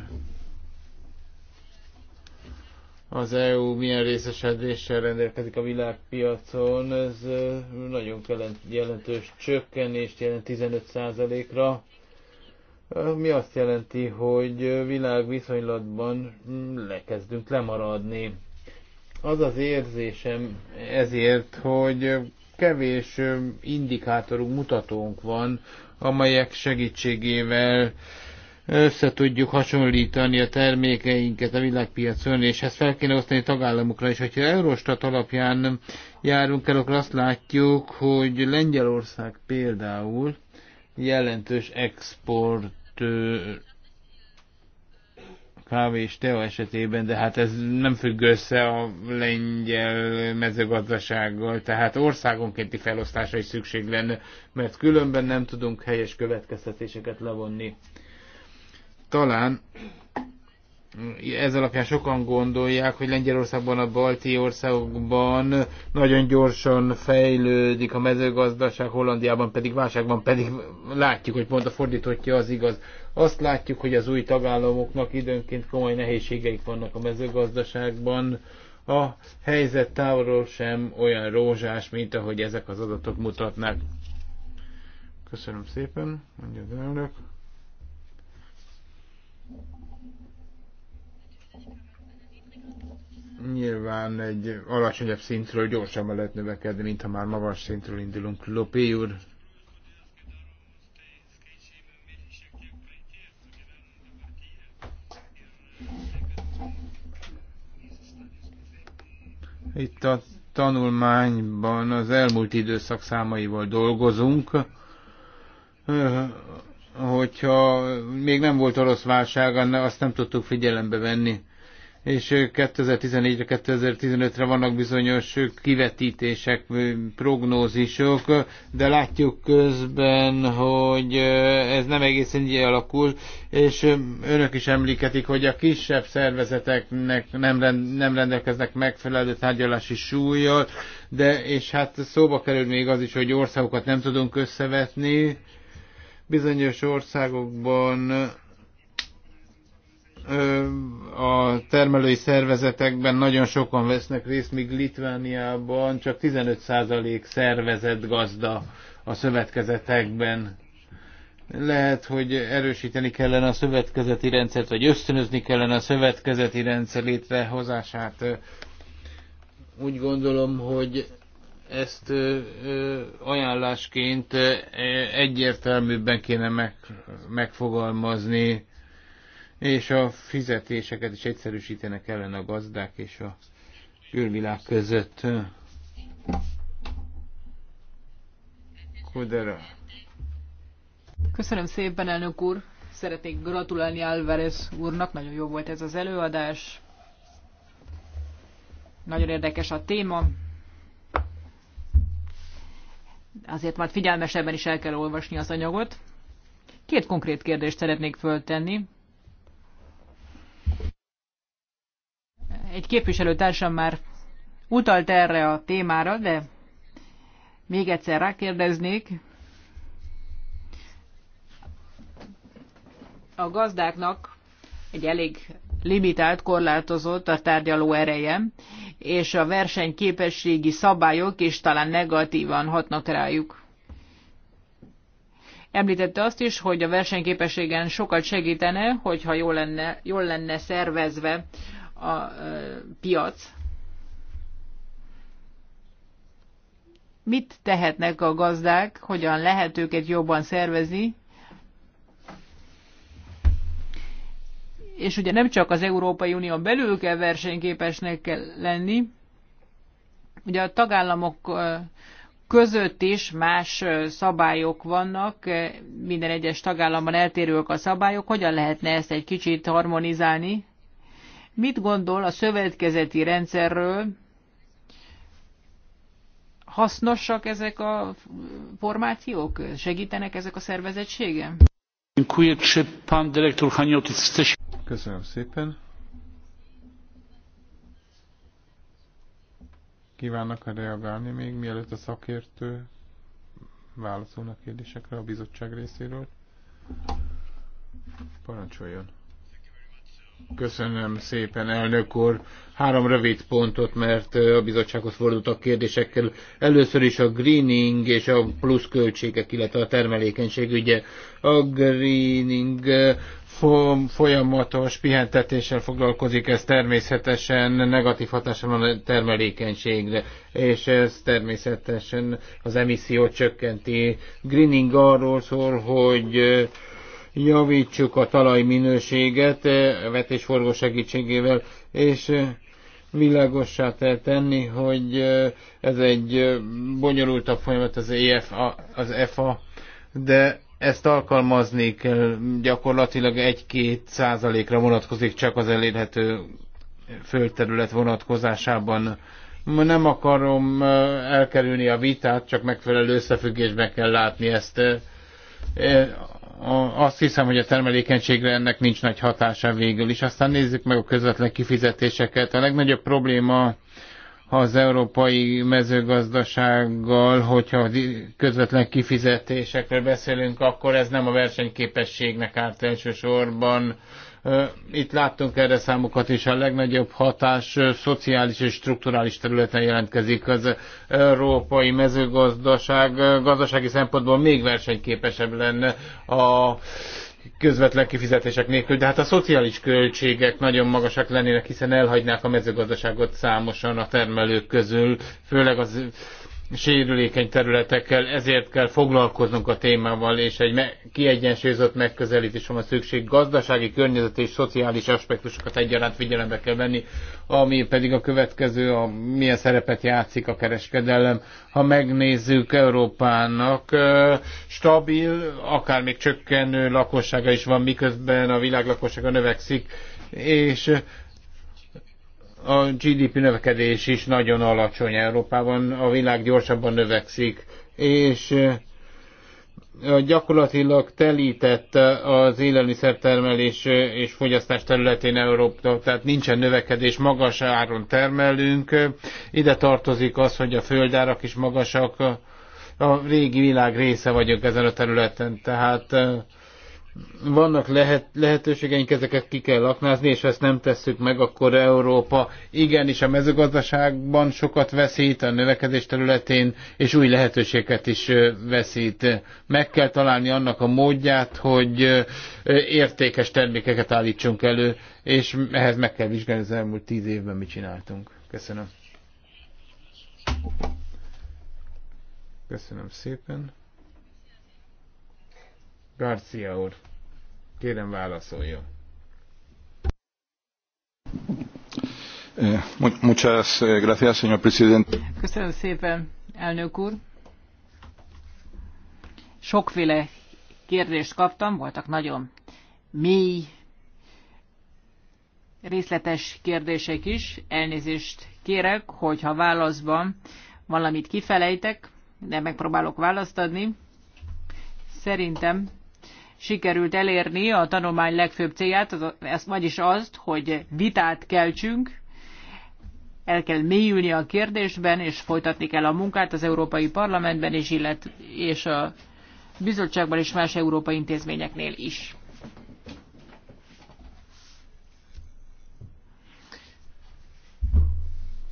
az EU milyen részesedéssel rendelkezik a világpiacon, ez nagyon jelentős csökkenést jelent 15%-ra mi azt jelenti, hogy világviszonylatban lekezdünk lemaradni. Az az érzésem ezért, hogy kevés indikátorunk, mutatónk van, amelyek segítségével össze tudjuk hasonlítani a termékeinket a világpiacon, és ezt fel kéne osztani tagállamokra is. Hogyha Eurostat alapján járunk el, akkor azt látjuk, hogy Lengyelország például jelentős export kávé és tea esetében, de hát ez nem függ össze a lengyel mezőgazdasággal, tehát országonkénti felosztásra is szükség lenne, mert különben nem tudunk helyes következtetéseket levonni. Talán ez alapján sokan gondolják, hogy Lengyelországban, a balti országokban nagyon gyorsan fejlődik a mezőgazdaság, Hollandiában pedig válságban pedig látjuk, hogy pont a fordítottja az igaz. Azt látjuk, hogy az új tagállamoknak időnként komoly nehézségeik vannak a mezőgazdaságban. A helyzet távolról sem olyan rózsás, mint ahogy ezek az adatok mutatnak. Köszönöm szépen, mondja az elnök. nyilván egy alacsonyabb szintről gyorsabban lehet növekedni, mint ha már magas szintről indulunk. Lopé úr. Itt a tanulmányban az elmúlt időszak számaival dolgozunk. Hogyha még nem volt orosz válság, azt nem tudtuk figyelembe venni és 2014-re, 2015-re vannak bizonyos kivetítések, prognózisok, de látjuk közben, hogy ez nem egészen így alakul, és önök is említik, hogy a kisebb szervezeteknek nem, rend, nem rendelkeznek megfelelő tárgyalási súlyjal, de és hát szóba kerül még az is, hogy országokat nem tudunk összevetni, bizonyos országokban a termelői szervezetekben nagyon sokan vesznek részt, míg Litvániában csak 15% szervezett gazda a szövetkezetekben. Lehet, hogy erősíteni kellene a szövetkezeti rendszert, vagy ösztönözni kellene a szövetkezeti rendszer létrehozását. Úgy gondolom, hogy ezt ajánlásként egyértelműbben kéne megfogalmazni és a fizetéseket is egyszerűsítenek ellen a gazdák és a külvilág között. Kudera. Köszönöm szépen, elnök úr! Szeretnék gratulálni Álvarez úrnak, nagyon jó volt ez az előadás. Nagyon érdekes a téma. Azért már figyelmesebben is el kell olvasni az anyagot. Két konkrét kérdést szeretnék föltenni. egy képviselőtársam már utalt erre a témára, de még egyszer rákérdeznék. A gazdáknak egy elég limitált, korlátozott a tárgyaló ereje, és a versenyképességi szabályok is talán negatívan hatnak rájuk. Említette azt is, hogy a versenyképességen sokat segítene, hogyha jól lenne, jól lenne szervezve a piac. Mit tehetnek a gazdák, hogyan lehet őket jobban szervezni, és ugye nem csak az Európai unió belül kell versenyképesnek kell lenni, ugye a tagállamok között is más szabályok vannak, minden egyes tagállamban eltérőek a szabályok, hogyan lehetne ezt egy kicsit harmonizálni? Mit gondol a szövetkezeti rendszerről? Hasznosak ezek a formációk? Segítenek ezek a szervezettségem? Köszönöm szépen. Kívánnak -e reagálni még, mielőtt a szakértő válaszolnak kérdésekre a bizottság részéről? Parancsoljon. Köszönöm szépen, elnök úr. Három rövid pontot, mert a bizottsághoz fordultak kérdésekkel. Először is a greening és a költségek illetve a termelékenység ügye. A greening folyamatos pihentetéssel foglalkozik, ez természetesen negatív hatása van a termelékenységre, és ez természetesen az emissziót csökkenti. Greening arról szól, hogy javítsuk a talaj minőséget eh, vetésforgó segítségével, és eh, világossá kell tenni, hogy eh, ez egy bonyolultabb folyamat az, EFA, az EFA, de ezt alkalmazni kell, gyakorlatilag 1-2 százalékra vonatkozik csak az elérhető földterület vonatkozásában. Nem akarom elkerülni a vitát, csak megfelelő összefüggésben kell látni ezt azt hiszem, hogy a termelékenységre ennek nincs nagy hatása végül is. Aztán nézzük meg a közvetlen kifizetéseket. A legnagyobb probléma ha az európai mezőgazdasággal, hogyha közvetlen kifizetésekről beszélünk, akkor ez nem a versenyképességnek árt elsősorban, itt láttunk erre számokat, és a legnagyobb hatás szociális és strukturális területen jelentkezik. Az európai mezőgazdaság gazdasági szempontból még versenyképesebb lenne a közvetlen kifizetések nélkül, de hát a szociális költségek nagyon magasak lennének, hiszen elhagynák a mezőgazdaságot számosan a termelők közül, főleg az sérülékeny területekkel, ezért kell foglalkoznunk a témával, és egy me- kiegyensúlyozott megközelítés van szükség. Gazdasági, környezeti és szociális aspektusokat egyaránt figyelembe kell venni, ami pedig a következő, a milyen szerepet játszik a kereskedelem. Ha megnézzük Európának, stabil, akár még csökkenő lakossága is van, miközben a világ lakossága növekszik, és a GDP növekedés is nagyon alacsony Európában, a világ gyorsabban növekszik, és gyakorlatilag telített az élelmiszertermelés és fogyasztás területén Európa, tehát nincsen növekedés, magas áron termelünk. Ide tartozik az, hogy a földárak is magasak, a régi világ része vagyunk ezen a területen, tehát vannak lehet, lehetőségeink, ezeket ki kell laknázni, és ha ezt nem tesszük meg, akkor Európa igenis a mezőgazdaságban sokat veszít, a növekedés területén, és új lehetőséget is veszít. Meg kell találni annak a módját, hogy értékes termékeket állítsunk elő, és ehhez meg kell vizsgálni az elmúlt tíz évben mit csináltunk. Köszönöm. Köszönöm szépen. Garcia úr, kérem válaszoljon. Eh, muchas eh, gracias, señor presidente. Köszönöm szépen, elnök úr. Sokféle kérdést kaptam, voltak nagyon mély, részletes kérdések is. Elnézést kérek, hogyha válaszban valamit kifelejtek, de megpróbálok választ adni. Szerintem sikerült elérni a tanulmány legfőbb célját, ez vagyis azt, hogy vitát keltsünk, el kell mélyülni a kérdésben, és folytatni kell a munkát az Európai Parlamentben, és, illet, és a bizottságban és más európai intézményeknél is.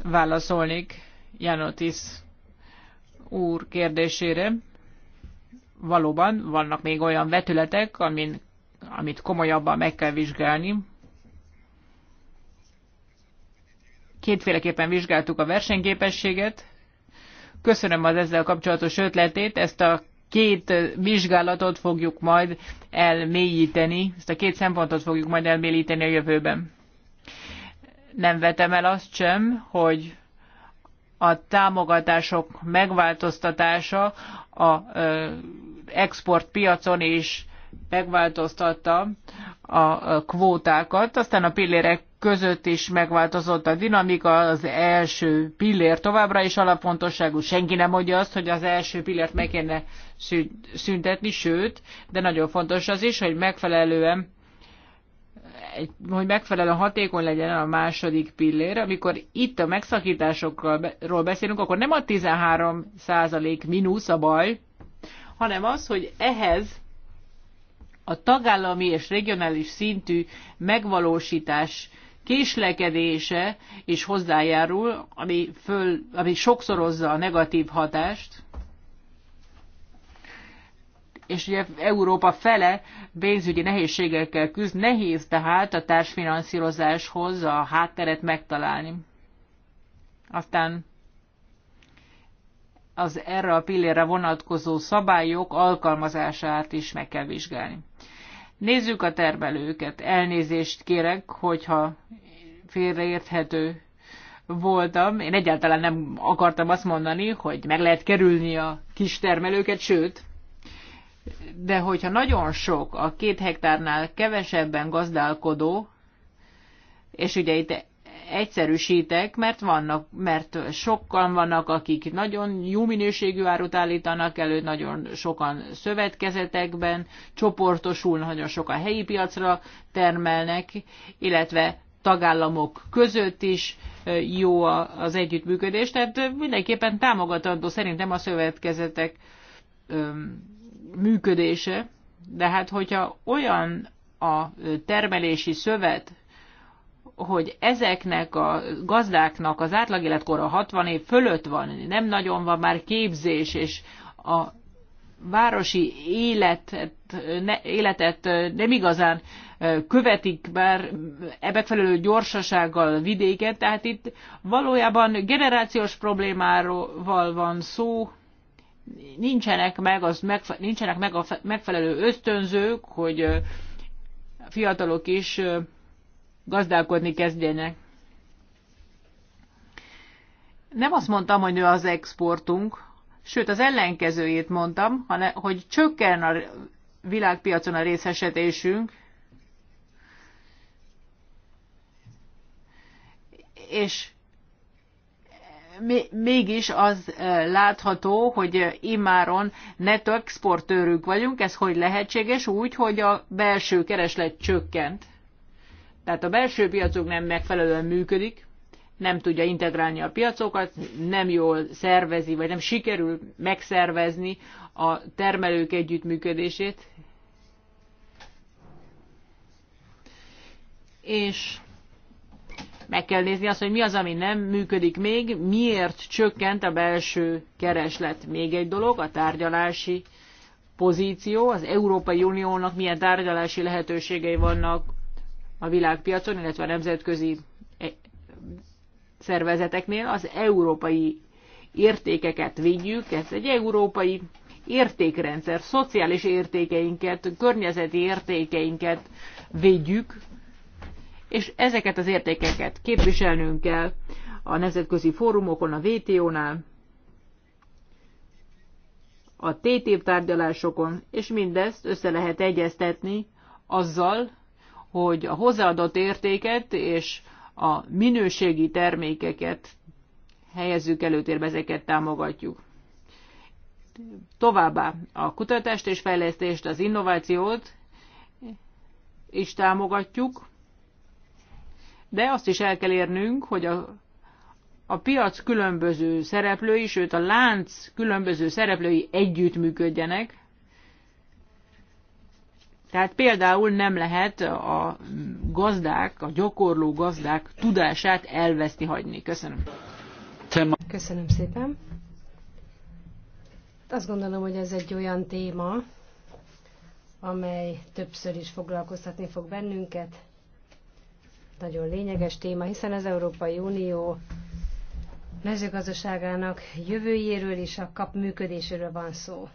Válaszolnék Janotis úr kérdésére valóban vannak még olyan vetületek, amin, amit komolyabban meg kell vizsgálni. Kétféleképpen vizsgáltuk a versenyképességet. Köszönöm az ezzel kapcsolatos ötletét, ezt a két vizsgálatot fogjuk majd elmélyíteni, ezt a két szempontot fogjuk majd elmélyíteni a jövőben. Nem vetem el azt sem, hogy a támogatások megváltoztatása a exportpiacon is megváltoztatta a kvótákat, aztán a pillérek között is megváltozott a dinamika, az első pillér továbbra is alapfontosságú, senki nem mondja azt, hogy az első pillért meg kéne szüntetni, sőt, de nagyon fontos az is, hogy megfelelően hogy megfelelően hatékony legyen a második pillér. Amikor itt a megszakításokról beszélünk, akkor nem a 13% mínusz a baj, hanem az, hogy ehhez a tagállami és regionális szintű megvalósítás késlekedése is hozzájárul, ami, föl, ami sokszorozza a negatív hatást, és ugye Európa fele pénzügyi nehézségekkel küzd, nehéz tehát a társfinanszírozáshoz a hátteret megtalálni. Aztán az erre a pillére vonatkozó szabályok alkalmazását is meg kell vizsgálni. Nézzük a termelőket. Elnézést kérek, hogyha félreérthető voltam. Én egyáltalán nem akartam azt mondani, hogy meg lehet kerülni a kis termelőket, sőt, de hogyha nagyon sok a két hektárnál kevesebben gazdálkodó, és ugye itt egyszerűsítek, mert vannak, mert sokan vannak, akik nagyon jó minőségű árut állítanak elő, nagyon sokan szövetkezetekben csoportosulnak, nagyon sokan helyi piacra termelnek, illetve tagállamok között is jó az együttműködés, tehát mindenképpen támogatandó szerintem a szövetkezetek működése, de hát hogyha olyan a termelési szövet, hogy ezeknek a gazdáknak az életkora 60 év fölött van, nem nagyon van már képzés, és a városi életet, ne, életet nem igazán követik már megfelelő gyorsasággal vidéket, tehát itt valójában generációs problémáról van szó, nincsenek meg, az megfe, nincsenek meg a megfelelő ösztönzők, hogy fiatalok is gazdálkodni kezdjenek. Nem azt mondtam, hogy nő az exportunk, sőt az ellenkezőjét mondtam, hanem hogy csökken a világpiacon a részesedésünk, és mégis az eh, látható, hogy immáron netto exportőrünk vagyunk. Ez hogy lehetséges? Úgy, hogy a belső kereslet csökkent. Tehát a belső piacok nem megfelelően működik, nem tudja integrálni a piacokat, nem jól szervezi, vagy nem sikerül megszervezni a termelők együttműködését. És meg kell nézni azt, hogy mi az, ami nem működik még, miért csökkent a belső kereslet. Még egy dolog, a tárgyalási pozíció, az Európai Uniónak milyen tárgyalási lehetőségei vannak a világpiacon, illetve a nemzetközi e, szervezeteknél az európai értékeket védjük, ez egy európai értékrendszer, szociális értékeinket, környezeti értékeinket védjük, és ezeket az értékeket képviselnünk kell a nemzetközi fórumokon, a vto nál a TTIP tárgyalásokon, és mindezt össze lehet egyeztetni azzal, hogy a hozzáadott értéket és a minőségi termékeket helyezzük előtérbe, ezeket támogatjuk. Továbbá a kutatást és fejlesztést, az innovációt is támogatjuk, de azt is el kell érnünk, hogy a, a piac különböző szereplői, sőt a lánc különböző szereplői együttműködjenek, tehát például nem lehet a gazdák, a gyakorló gazdák tudását elveszni hagyni. Köszönöm. Köszönöm szépen. Hát azt gondolom, hogy ez egy olyan téma, amely többször is foglalkoztatni fog bennünket. Nagyon lényeges téma, hiszen az Európai Unió mezőgazdaságának jövőjéről és a kap működéséről van szó.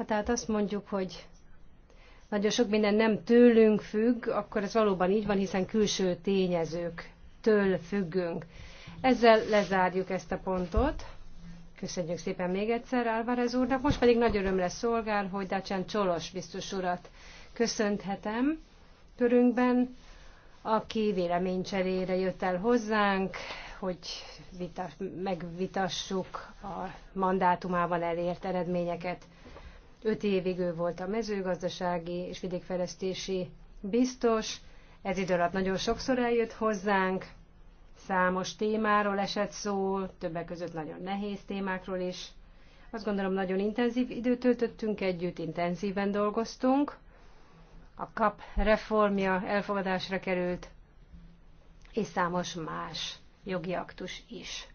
Ha tehát azt mondjuk, hogy nagyon sok minden nem tőlünk függ, akkor ez valóban így van, hiszen külső tényezők től függünk. Ezzel lezárjuk ezt a pontot. Köszönjük szépen még egyszer Álvarez úrnak. Most pedig nagy örömre szolgál, hogy Dacsán Csolos biztos urat köszönthetem körünkben, aki véleménycserére jött el hozzánk, hogy vita, megvitassuk a mandátumában elért eredményeket. Öt évig ő volt a mezőgazdasági és vidékfejlesztési biztos. Ez idő alatt nagyon sokszor eljött hozzánk, számos témáról esett szó, többek között nagyon nehéz témákról is. Azt gondolom, nagyon intenzív időt töltöttünk együtt, intenzíven dolgoztunk. A KAP reformja elfogadásra került, és számos más jogi aktus is.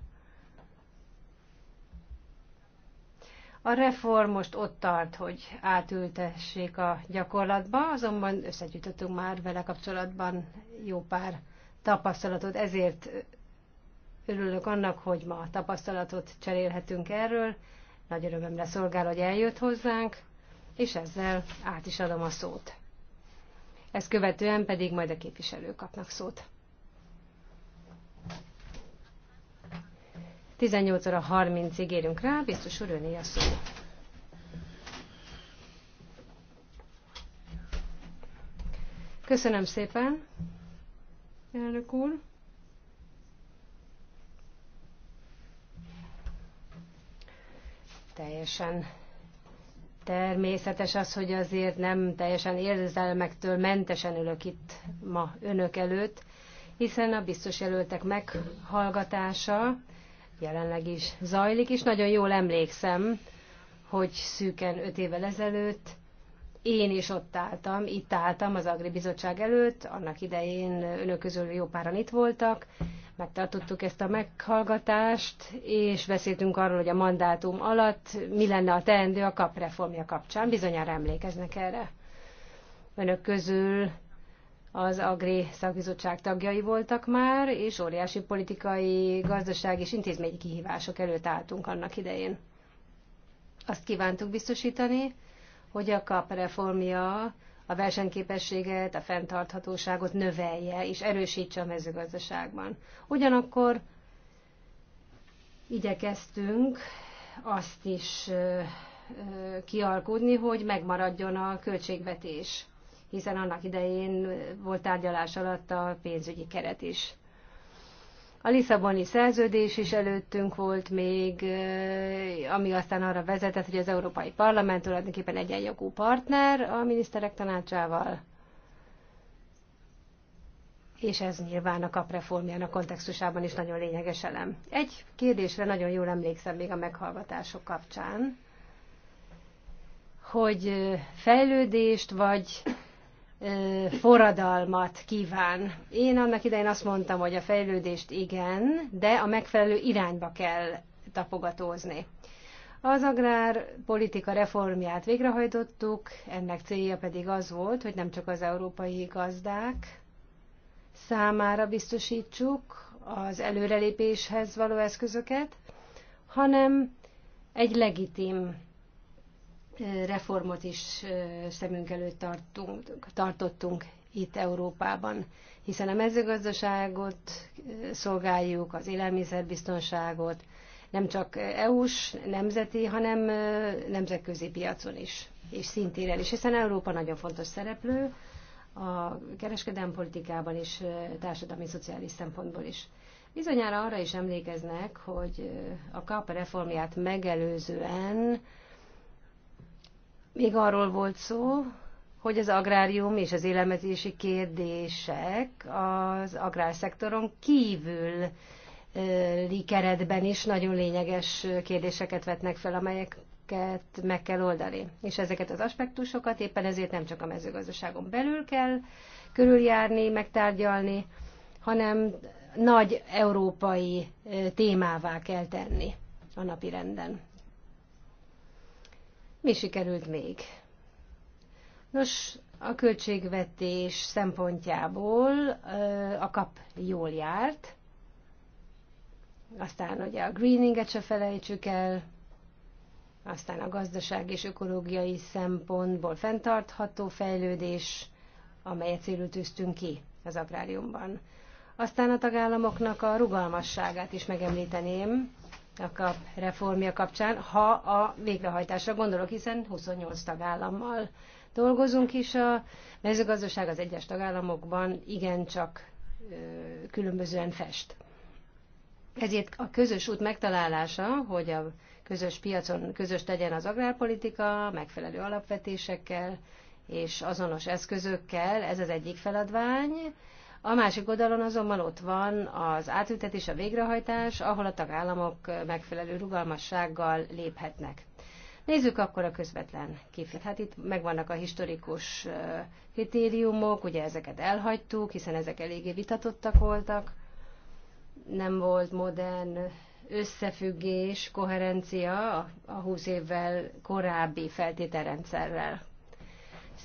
A reform most ott tart, hogy átültessék a gyakorlatba, azonban összegyűjtöttünk már vele kapcsolatban jó pár tapasztalatot, ezért örülök annak, hogy ma tapasztalatot cserélhetünk erről. Nagy örömömre szolgál, hogy eljött hozzánk, és ezzel át is adom a szót. Ezt követően pedig majd a képviselők kapnak szót. 18 óra 30-ig érünk rá, biztos úr a szó. Köszönöm szépen, elnök úr. Teljesen természetes az, hogy azért nem teljesen érzelmektől mentesen ülök itt ma önök előtt, hiszen a biztos jelöltek meghallgatása jelenleg is zajlik, és nagyon jól emlékszem, hogy szűken öt évvel ezelőtt én is ott álltam, itt álltam az Agri Bizottság előtt, annak idején önök közül jó páran itt voltak, megtartottuk ezt a meghallgatást, és beszéltünk arról, hogy a mandátum alatt mi lenne a teendő a kapreformja kapcsán. Bizonyára emlékeznek erre. Önök közül az Agri szakbizottság tagjai voltak már, és óriási politikai, gazdasági és intézményi kihívások előtt álltunk annak idején. Azt kívántuk biztosítani, hogy a KAP reformja a versenyképességet, a fenntarthatóságot növelje és erősítse a mezőgazdaságban. Ugyanakkor igyekeztünk azt is kialkudni, hogy megmaradjon a költségvetés hiszen annak idején volt tárgyalás alatt a pénzügyi keret is. A Lisszaboni szerződés is előttünk volt még, eh, ami aztán arra vezetett, hogy az Európai Parlament tulajdonképpen egyenjogú partner a miniszterek tanácsával, és ez nyilván a kap a kontextusában is nagyon lényeges elem. Egy kérdésre nagyon jól emlékszem még a meghallgatások kapcsán, hogy eh, fejlődést vagy forradalmat kíván. Én annak idején azt mondtam, hogy a fejlődést igen, de a megfelelő irányba kell tapogatózni. Az agrárpolitika reformját végrehajtottuk, ennek célja pedig az volt, hogy nem csak az európai gazdák számára biztosítsuk az előrelépéshez való eszközöket, hanem egy legitim reformot is szemünk előtt tartunk, tartottunk itt Európában, hiszen a mezőgazdaságot szolgáljuk, az élelmiszerbiztonságot, nem csak EU-s, nemzeti, hanem nemzetközi piacon is, és szintéren is, hiszen Európa nagyon fontos szereplő a kereskedelmi politikában és társadalmi szociális szempontból is. Bizonyára arra is emlékeznek, hogy a KAP reformját megelőzően még arról volt szó, hogy az agrárium és az élelmezési kérdések az agrárszektoron kívül keretben is nagyon lényeges kérdéseket vetnek fel, amelyeket meg kell oldani. És ezeket az aspektusokat éppen ezért nem csak a mezőgazdaságon belül kell körüljárni, megtárgyalni, hanem nagy európai témává kell tenni a napi renden. Mi sikerült még? Nos, a költségvetés szempontjából a kap jól járt, aztán ugye a greeninget se felejtsük el, aztán a gazdaság és ökológiai szempontból fenntartható fejlődés, amelyet célul tűztünk ki az agráriumban. Aztán a tagállamoknak a rugalmasságát is megemlíteném, a reformja kapcsán, ha a végrehajtásra gondolok, hiszen 28 tagállammal dolgozunk is. A mezőgazdaság az egyes tagállamokban igencsak különbözően fest. Ezért a közös út megtalálása, hogy a közös piacon közös tegyen az agrárpolitika, megfelelő alapvetésekkel és azonos eszközökkel, ez az egyik feladvány. A másik oldalon azonban ott van az átültetés, a végrehajtás, ahol a tagállamok megfelelő rugalmassággal léphetnek. Nézzük akkor a közvetlen kifit. Hát itt megvannak a historikus kritériumok, ugye ezeket elhagytuk, hiszen ezek eléggé vitatottak voltak. Nem volt modern összefüggés, koherencia a 20 évvel korábbi feltételrendszerrel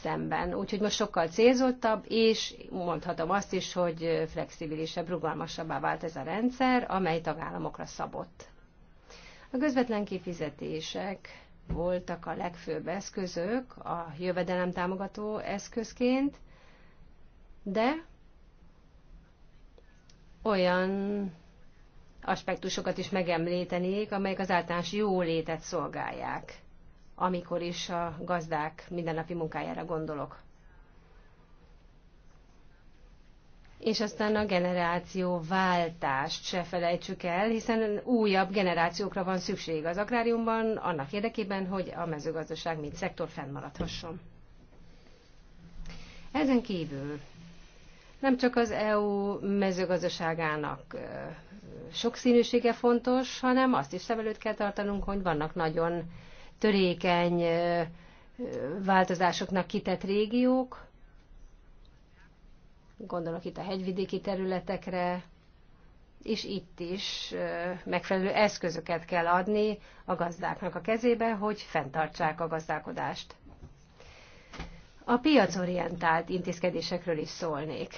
szemben. Úgyhogy most sokkal célzottabb, és mondhatom azt is, hogy flexibilisebb, rugalmasabbá vált ez a rendszer, amely tagállamokra szabott. A közvetlen kifizetések voltak a legfőbb eszközök a jövedelemtámogató eszközként, de olyan aspektusokat is megemlítenék, amelyek az általános jólétet szolgálják amikor is a gazdák mindennapi munkájára gondolok. És aztán a generációváltást se felejtsük el, hiszen újabb generációkra van szükség az agráriumban, annak érdekében, hogy a mezőgazdaság mint szektor fennmaradhasson. Ezen kívül nem csak az EU mezőgazdaságának sokszínűsége fontos, hanem azt is szem előtt kell tartanunk, hogy vannak nagyon törékeny változásoknak kitett régiók, gondolok itt a hegyvidéki területekre, és itt is megfelelő eszközöket kell adni a gazdáknak a kezébe, hogy fenntartsák a gazdálkodást. A piacorientált intézkedésekről is szólnék.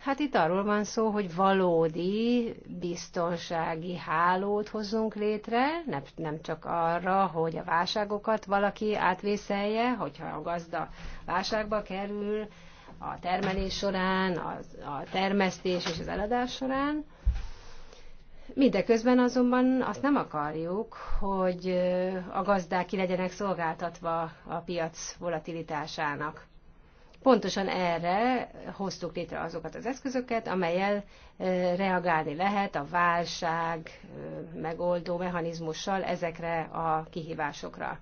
Hát itt arról van szó, hogy valódi biztonsági hálót hozzunk létre, nem, nem csak arra, hogy a válságokat valaki átvészelje, hogyha a gazda válságba kerül, a termelés során, a, a termesztés és az eladás során. Mindeközben azonban azt nem akarjuk, hogy a gazdák ki legyenek szolgáltatva a piac volatilitásának. Pontosan erre hoztuk létre azokat az eszközöket, amelyel reagálni lehet a válság megoldó mechanizmussal ezekre a kihívásokra.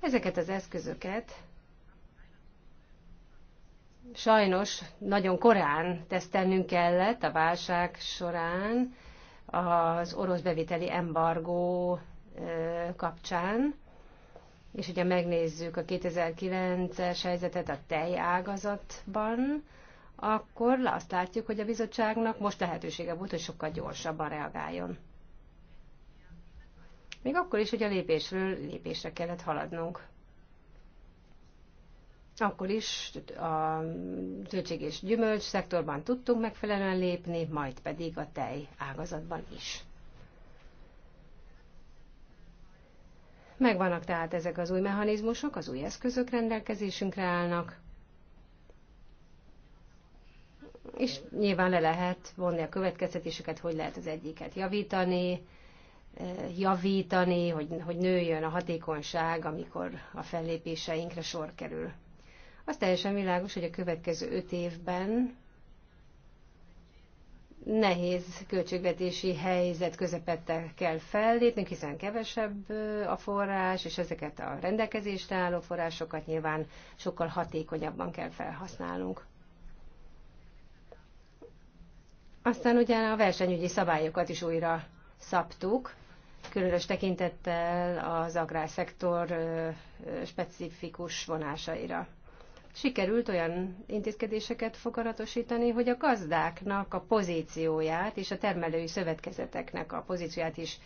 Ezeket az eszközöket sajnos nagyon korán tesztelnünk kellett a válság során az orosz beviteli embargó kapcsán, és ugye megnézzük a 2009-es helyzetet a tejágazatban, akkor azt látjuk, hogy a bizottságnak most lehetősége volt, hogy sokkal gyorsabban reagáljon. Még akkor is, hogy a lépésről lépésre kellett haladnunk. Akkor is a zöldség és gyümölcs szektorban tudtunk megfelelően lépni, majd pedig a tej ágazatban is. Megvannak tehát ezek az új mechanizmusok, az új eszközök rendelkezésünkre állnak, és nyilván le lehet vonni a következtetéseket, hogy lehet az egyiket javítani, eh, javítani, hogy, hogy nőjön a hatékonyság, amikor a fellépéseinkre sor kerül. Az teljesen világos, hogy a következő öt évben nehéz költségvetési helyzet közepette kell fellépni, hiszen kevesebb a forrás, és ezeket a rendelkezésre álló forrásokat nyilván sokkal hatékonyabban kell felhasználnunk. Aztán ugye a versenyügyi szabályokat is újra szabtuk, különös tekintettel az agrárszektor specifikus vonásaira sikerült olyan intézkedéseket fogalatosítani, hogy a gazdáknak a pozícióját és a termelői szövetkezeteknek a pozícióját is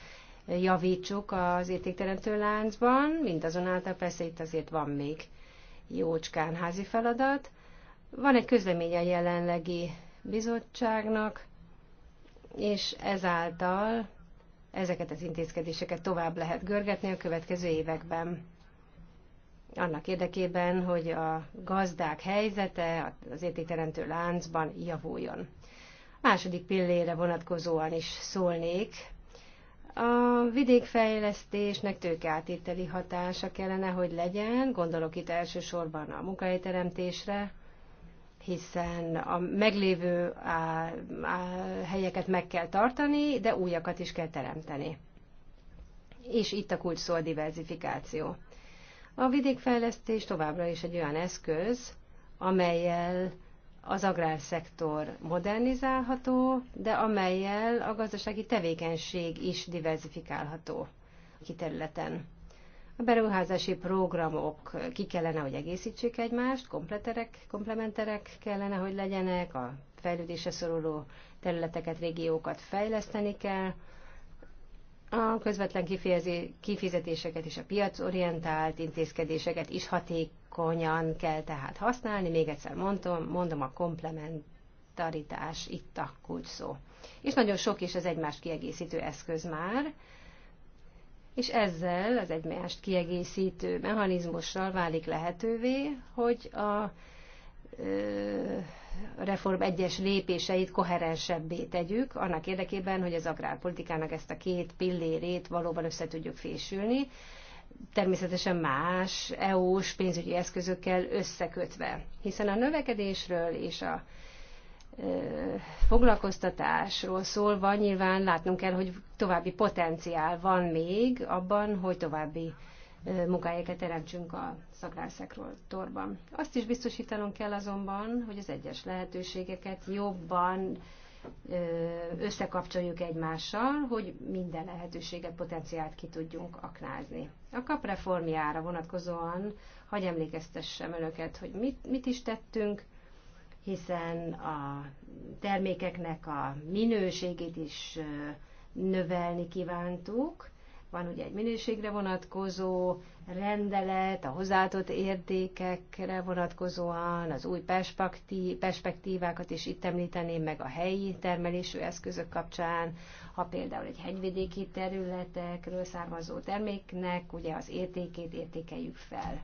javítsuk az értékteremtő láncban, mindazonáltal persze itt azért van még jócskán házi feladat. Van egy közlemény a jelenlegi bizottságnak, és ezáltal ezeket az intézkedéseket tovább lehet görgetni a következő években annak érdekében, hogy a gazdák helyzete az értékteremtő láncban javuljon. Második pillére vonatkozóan is szólnék. A vidékfejlesztésnek tőkeátételi hatása kellene, hogy legyen, gondolok itt elsősorban a munkahelyteremtésre, hiszen a meglévő á, á, helyeket meg kell tartani, de újakat is kell teremteni. És itt a kulcs szó a diversifikáció. A vidékfejlesztés továbbra is egy olyan eszköz, amelyel az agrárszektor modernizálható, de amelyel a gazdasági tevékenység is diversifikálható a területen. A beruházási programok ki kellene, hogy egészítsék egymást, kompleterek, komplementerek kellene, hogy legyenek, a fejlődésre szoruló területeket, régiókat fejleszteni kell, a közvetlen kifizetéseket és a piacorientált intézkedéseket is hatékonyan kell tehát használni. Még egyszer mondom, mondom a komplementaritás itt a kulcs szó. És nagyon sok is az egymást kiegészítő eszköz már, és ezzel az egymást kiegészítő mechanizmussal válik lehetővé, hogy a reform egyes lépéseit koherensebbé tegyük, annak érdekében, hogy az agrárpolitikának ezt a két pillérét valóban össze tudjuk fésülni, természetesen más EU-s pénzügyi eszközökkel összekötve. Hiszen a növekedésről és a foglalkoztatásról szólva nyilván látnunk kell, hogy további potenciál van még abban, hogy további munkahelyeket teremtsünk a torban. Azt is biztosítanunk kell azonban, hogy az egyes lehetőségeket jobban összekapcsoljuk egymással, hogy minden lehetőséget, potenciált ki tudjunk aknázni. A kap reformjára vonatkozóan hagy emlékeztessem önöket, hogy mit, mit is tettünk, hiszen a termékeknek a minőségét is növelni kívántuk, van ugye egy minőségre vonatkozó rendelet, a hozzáadott értékekre vonatkozóan, az új perspektívákat is itt említeném meg a helyi termelésű eszközök kapcsán, ha például egy hegyvidéki területekről származó terméknek ugye az értékét értékeljük fel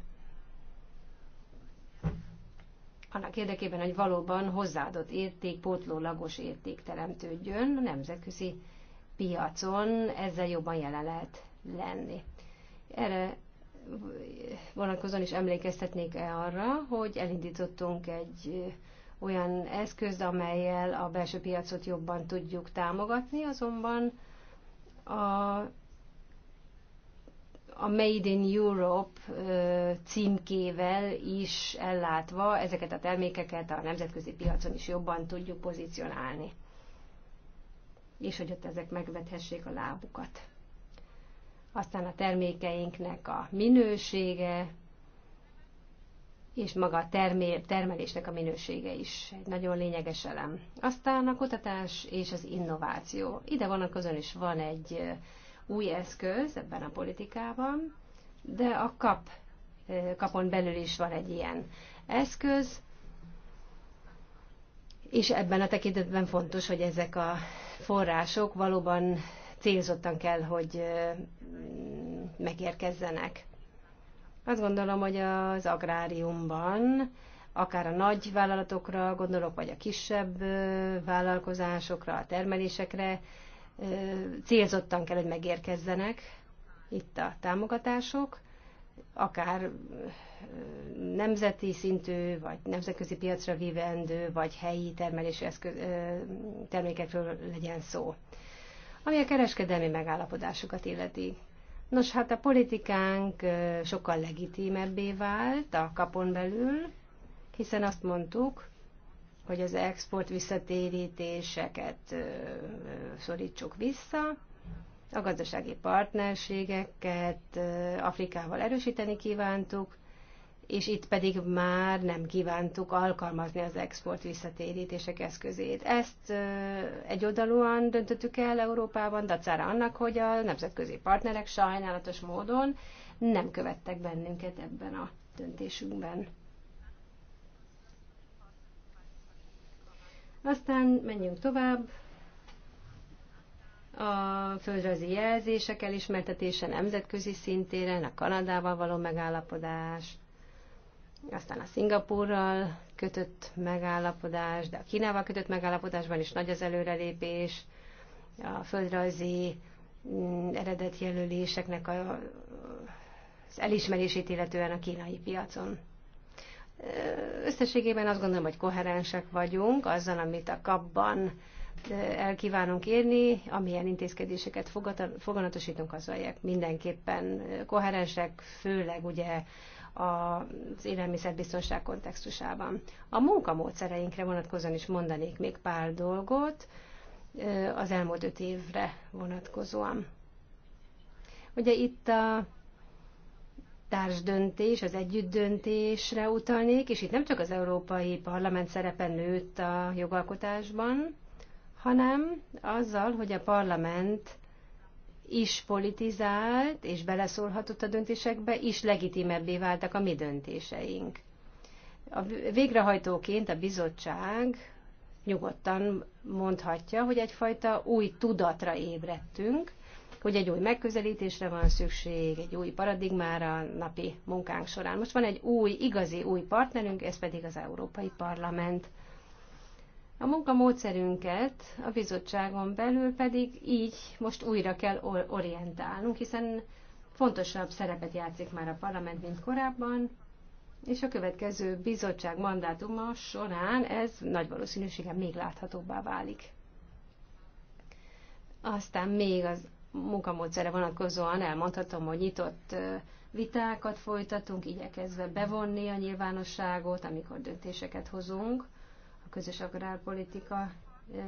annak érdekében, hogy valóban hozzáadott érték, pótlólagos érték teremtődjön a nemzetközi piacon ezzel jobban jelen lehet lenni. Erre vonatkozóan is emlékeztetnék -e arra, hogy elindítottunk egy olyan eszközt, amelyel a belső piacot jobban tudjuk támogatni, azonban a, a Made in Europe címkével is ellátva ezeket a termékeket a nemzetközi piacon is jobban tudjuk pozícionálni és hogy ott ezek megvethessék a lábukat. Aztán a termékeinknek a minősége, és maga a termelésnek a minősége is egy nagyon lényeges elem. Aztán a kutatás és az innováció. Ide van a közön is van egy uh, új eszköz ebben a politikában, de a kap, uh, kapon belül is van egy ilyen eszköz, és ebben a tekintetben fontos, hogy ezek a források valóban célzottan kell, hogy megérkezzenek. Azt gondolom, hogy az agráriumban, akár a nagy vállalatokra gondolok, vagy a kisebb vállalkozásokra, a termelésekre, célzottan kell, hogy megérkezzenek itt a támogatások, akár nemzeti szintű, vagy nemzetközi piacra vívendő, vagy helyi termelési eszköz, termékekről legyen szó. Ami a kereskedelmi megállapodásokat illeti. Nos, hát a politikánk sokkal legitimebbé vált a kapon belül, hiszen azt mondtuk, hogy az export visszatérítéseket szorítsuk vissza, a gazdasági partnerségeket Afrikával erősíteni kívántuk, és itt pedig már nem kívántuk alkalmazni az export visszatérítések eszközét. Ezt egyoldalúan döntöttük el Európában, dacára annak, hogy a nemzetközi partnerek sajnálatos módon nem követtek bennünket ebben a döntésünkben. Aztán menjünk tovább. A földrajzi jelzések elismertetése nemzetközi szintéren, a Kanadával való megállapodás, aztán a Szingapurral kötött megállapodás, de a Kínával kötött megállapodásban is nagy az előrelépés, a földrajzi mm, eredetjelöléseknek a, az elismerését illetően a kínai piacon. Összességében azt gondolom, hogy koherensek vagyunk azzal, amit a kapban elkívánunk érni, amilyen intézkedéseket foganatosítunk, azzal mindenképpen koherensek, főleg ugye az élelmiszerbiztonság kontextusában. A munkamódszereinkre vonatkozóan is mondanék még pár dolgot az elmúlt öt évre vonatkozóan. Ugye itt a társdöntés, az együttdöntésre utalnék, és itt nem csak az Európai Parlament szerepe nőtt a jogalkotásban, hanem azzal, hogy a parlament is politizált, és beleszólhatott a döntésekbe, is legitimebbé váltak a mi döntéseink. A végrehajtóként a bizottság nyugodtan mondhatja, hogy egyfajta új tudatra ébredtünk, hogy egy új megközelítésre van szükség, egy új paradigmára napi munkánk során. Most van egy új, igazi új partnerünk, ez pedig az Európai Parlament. A munkamódszerünket a bizottságon belül pedig így most újra kell orientálnunk, hiszen fontosabb szerepet játszik már a parlament, mint korábban, és a következő bizottság mandátuma során ez nagy valószínűséggel még láthatóbbá válik. Aztán még az munkamódszere vonatkozóan elmondhatom, hogy nyitott vitákat folytatunk, igyekezve bevonni a nyilvánosságot, amikor döntéseket hozunk, közös agrárpolitika eh,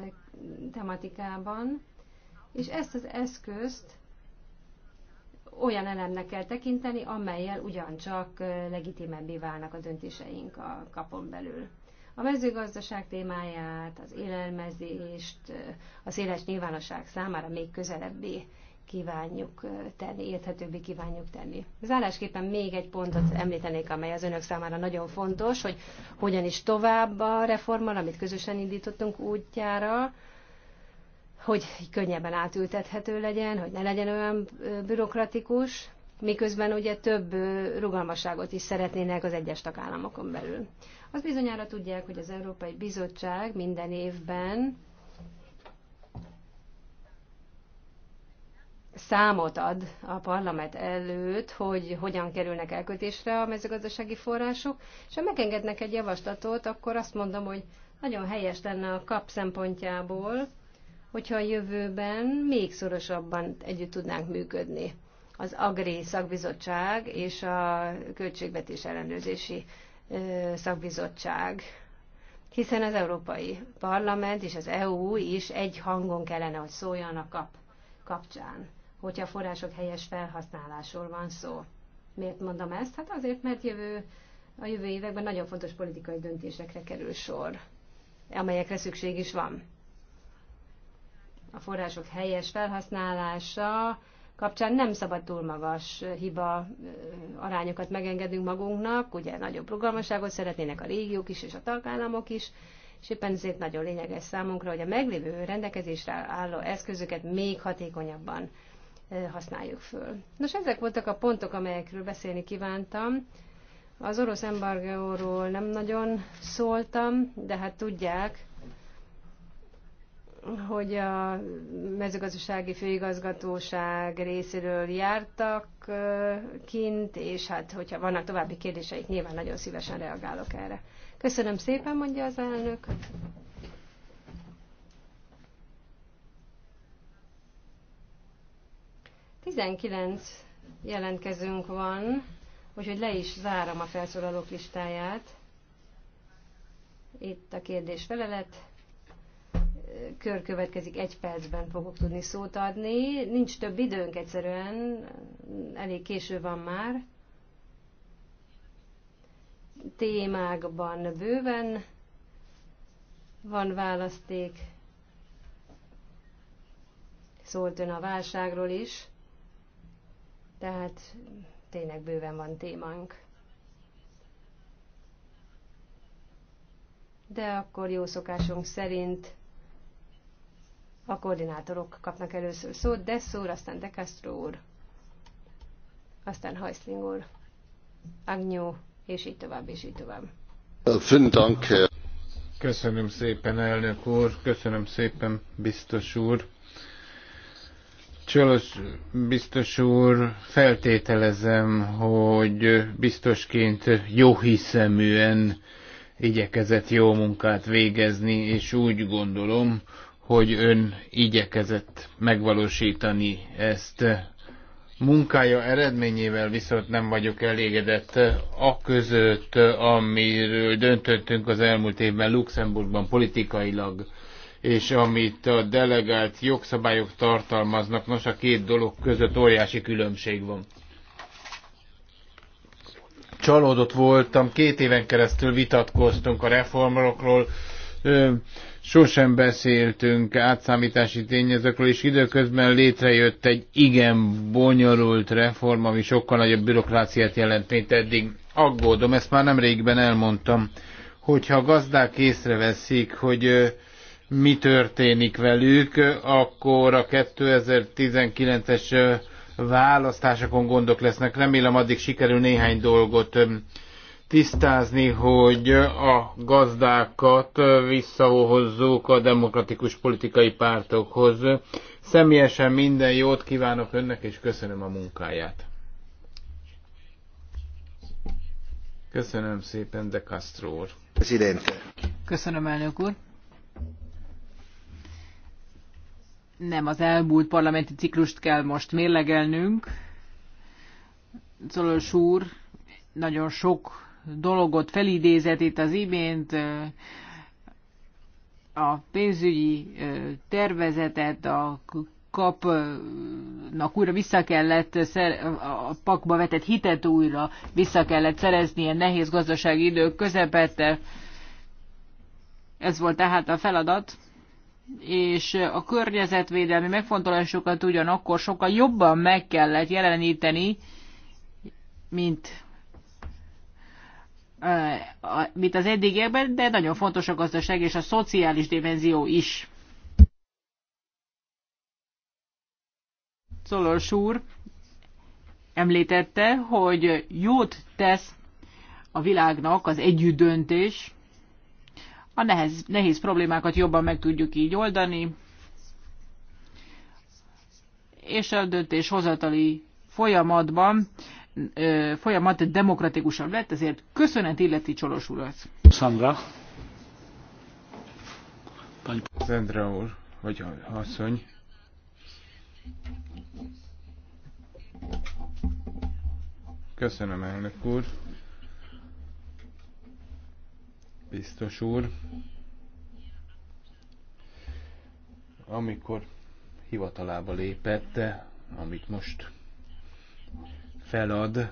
tematikában, és ezt az eszközt olyan elemnek kell tekinteni, amelyel ugyancsak eh, legitimebbé válnak a döntéseink a kapon belül. A mezőgazdaság témáját, az élelmezést eh, a széles nyilvánosság számára még közelebbé kívánjuk tenni, érthetőbbé kívánjuk tenni. Zárásképpen még egy pontot említenék, amely az önök számára nagyon fontos, hogy hogyan is tovább a reformmal, amit közösen indítottunk útjára, hogy könnyebben átültethető legyen, hogy ne legyen olyan bürokratikus, miközben ugye több rugalmasságot is szeretnének az egyes tagállamokon belül. Az bizonyára tudják, hogy az Európai Bizottság minden évben számot ad a parlament előtt, hogy hogyan kerülnek elkötésre a mezőgazdasági források, és ha megengednek egy javaslatot, akkor azt mondom, hogy nagyon helyes lenne a kap szempontjából, hogyha a jövőben még szorosabban együtt tudnánk működni az Agri szakbizottság és a Költségvetés ellenőrzési szakbizottság. Hiszen az Európai Parlament és az EU is egy hangon kellene, hogy szóljanak a kap kapcsán hogyha a források helyes felhasználásról van szó. Miért mondom ezt? Hát azért, mert jövő, a jövő években nagyon fontos politikai döntésekre kerül sor, amelyekre szükség is van. A források helyes felhasználása kapcsán nem szabad túl magas eh, hiba eh, arányokat megengedünk magunknak, ugye nagyobb rugalmasságot szeretnének a régiók is és a tagállamok is, és éppen ezért nagyon lényeges számunkra, hogy a meglévő rendelkezésre álló eszközöket még hatékonyabban használjuk föl. Nos, ezek voltak a pontok, amelyekről beszélni kívántam. Az orosz embargóról nem nagyon szóltam, de hát tudják, hogy a mezőgazdasági főigazgatóság részéről jártak kint, és hát hogyha vannak további kérdéseik, nyilván nagyon szívesen reagálok erre. Köszönöm szépen, mondja az elnök. 19 jelentkezünk van, úgyhogy le is zárom a felszólalók listáját. Itt a kérdés felelet. Kör következik, egy percben fogok tudni szót adni. Nincs több időnk egyszerűen, elég késő van már. Témákban bőven van választék. Szólt ön a válságról is tehát tényleg bőven van témánk. De akkor jó szokásunk szerint a koordinátorok kapnak először szót, Dessur, aztán De Castro úr, aztán Heisling úr, Agnyó, és így tovább, és így tovább. Köszönöm szépen, elnök úr, köszönöm szépen, biztos úr Csolos biztos úr, feltételezem, hogy biztosként jó hiszeműen igyekezett jó munkát végezni, és úgy gondolom, hogy ön igyekezett megvalósítani ezt. Munkája eredményével viszont nem vagyok elégedett. A között, amiről döntöttünk az elmúlt évben Luxemburgban politikailag, és amit a delegált jogszabályok tartalmaznak, nos a két dolog között óriási különbség van. Csalódott voltam, két éven keresztül vitatkoztunk a reformokról, sosem beszéltünk átszámítási tényezőkről, és időközben létrejött egy igen bonyolult reform, ami sokkal nagyobb bürokráciát jelent, mint eddig. Aggódom, ezt már nemrégben elmondtam, hogyha a gazdák észreveszik, hogy mi történik velük, akkor a 2019-es választásokon gondok lesznek. Remélem addig sikerül néhány dolgot tisztázni, hogy a gazdákat visszahozzuk a demokratikus politikai pártokhoz. Személyesen minden jót kívánok önnek, és köszönöm a munkáját. Köszönöm szépen, de Castro úr. Köszönöm, elnök úr. nem az elmúlt parlamenti ciklust kell most mérlegelnünk. Zolos úr nagyon sok dologot felidézett itt az imént, a pénzügyi tervezetet, a kapnak újra vissza kellett, a pakba vetett hitet újra vissza kellett szerezni ilyen nehéz gazdasági idők közepette. Ez volt tehát a feladat és a környezetvédelmi megfontolásokat ugyanakkor sokkal jobban meg kellett jeleníteni, mint eh, mint az eddigiekben, de nagyon fontos a gazdaság és a szociális dimenzió is. Szolos úr említette, hogy jót tesz a világnak az együttdöntés, a nehez, nehéz problémákat jobban meg tudjuk így oldani, és a döntéshozatali folyamatban folyamat demokratikusabb lett, ezért köszönet illeti Csolos urat. Sandra. Sandra úr, vagy asszony. Köszönöm, elnök úr biztos úr. Amikor hivatalába lépett, amit most felad,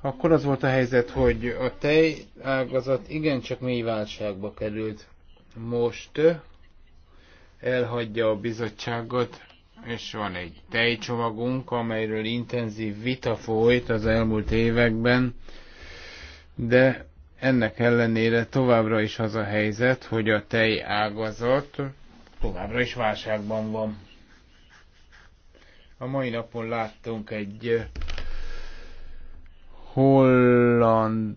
akkor az volt a helyzet, hogy a tej ágazat igencsak mély válságba került. Most elhagyja a bizottságot, és van egy tejcsomagunk, amelyről intenzív vita folyt az elmúlt években, de ennek ellenére továbbra is az a helyzet, hogy a tej ágazat továbbra is válságban van. A mai napon láttunk egy eh, holland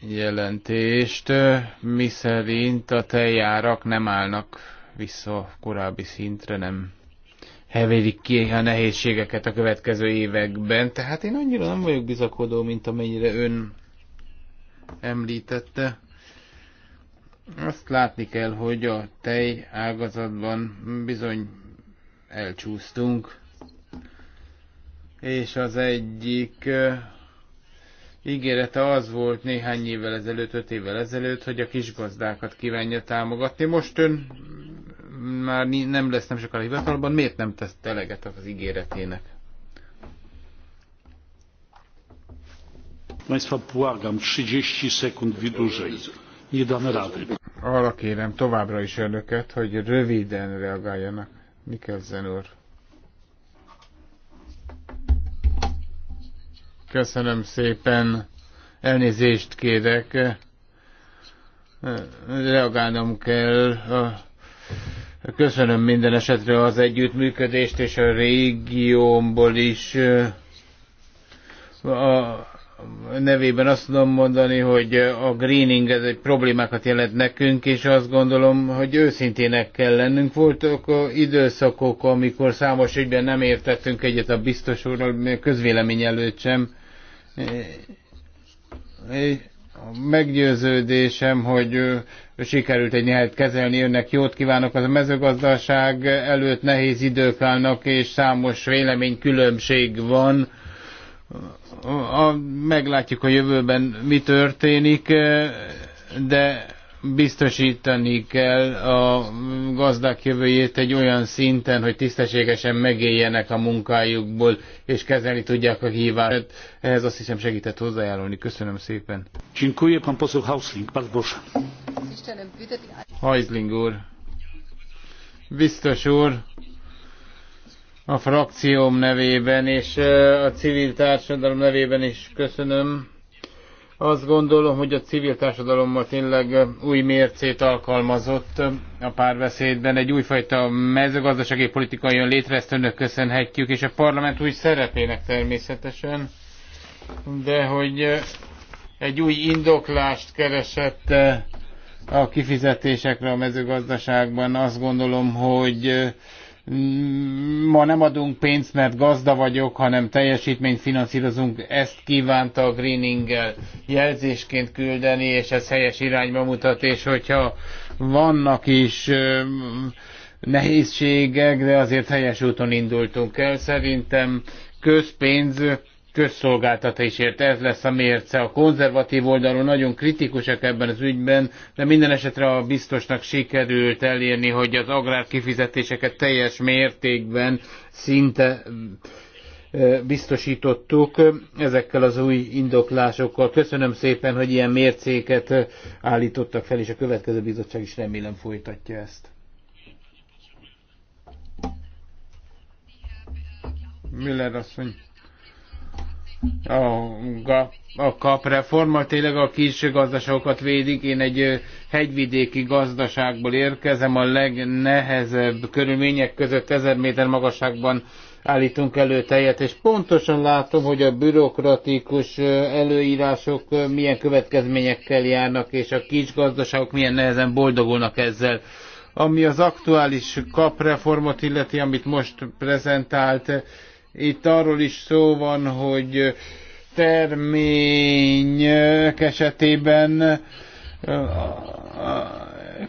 jelentést, eh, miszerint a tejárak nem állnak vissza a korábbi szintre, nem hevédik ki a nehézségeket a következő években. Tehát én annyira nem vagyok bizakodó, mint amennyire ön említette. Azt látni kell, hogy a tej ágazatban bizony elcsúsztunk, és az egyik ígérete az volt néhány évvel ezelőtt, öt évvel ezelőtt, hogy a kisgazdákat kívánja támogatni. Most ön már nem lesz nem sokkal hivatalban, miért nem tesz eleget az ígéretének? Państwa błagam, 30 sekund wydłużej. Nie damy rady. Arra kérem továbbra is önöket, hogy röviden reagáljanak. Mikkelzen úr. Köszönöm szépen. Elnézést kérek. Reagálnom kell. Köszönöm minden esetre az együttműködést, és a régiómból is a nevében azt tudom mondani, hogy a greening ez egy problémákat jelent nekünk, és azt gondolom, hogy őszintének kell lennünk. Voltak időszakok, amikor számos ügyben nem értettünk egyet a biztos úrral, közvélemény előtt sem. a Meggyőződésem, hogy sikerült egy nyelvet kezelni, önnek jót kívánok. Az a mezőgazdaság előtt nehéz idők állnak, és számos véleménykülönbség van a, meglátjuk a jövőben mi történik, e, de biztosítani kell a gazdák jövőjét egy olyan szinten, hogy tisztességesen megéljenek a munkájukból, és kezelni tudják a hívást. Ehhez azt hiszem segített hozzájárulni. Köszönöm szépen. Dziękuję, pan poseł Hausling. Hausling úr. Biztos úr, a frakcióm nevében és a civil társadalom nevében is köszönöm. Azt gondolom, hogy a civil társadalommal tényleg új mércét alkalmazott a párbeszédben. Egy újfajta mezőgazdasági politika jön létre, ezt önök köszönhetjük, és a parlament új szerepének természetesen. De hogy egy új indoklást keresett a kifizetésekre a mezőgazdaságban, azt gondolom, hogy Mm, ma nem adunk pénzt, mert gazda vagyok, hanem teljesítményt finanszírozunk, ezt kívánta a greeninggel jelzésként küldeni, és ez helyes irányba mutat, és hogyha vannak is nehézségek, de azért helyes úton indultunk el. Szerintem közpénz közszolgáltatásért. Ez lesz a mérce. A konzervatív oldalon nagyon kritikusak ebben az ügyben, de minden esetre a biztosnak sikerült elérni, hogy az agrárkifizetéseket teljes mértékben szinte biztosítottuk ezekkel az új indoklásokkal. Köszönöm szépen, hogy ilyen mércéket állítottak fel, és a következő bizottság is remélem folytatja ezt. Müller asszony a, a kap reforma tényleg a kis gazdaságokat védik. Én egy hegyvidéki gazdaságból érkezem, a legnehezebb körülmények között ezer méter magasságban állítunk elő tejet, és pontosan látom, hogy a bürokratikus előírások milyen következményekkel járnak, és a kis gazdaságok milyen nehezen boldogulnak ezzel. Ami az aktuális kapreformot illeti, amit most prezentált, itt arról is szó van, hogy termények esetében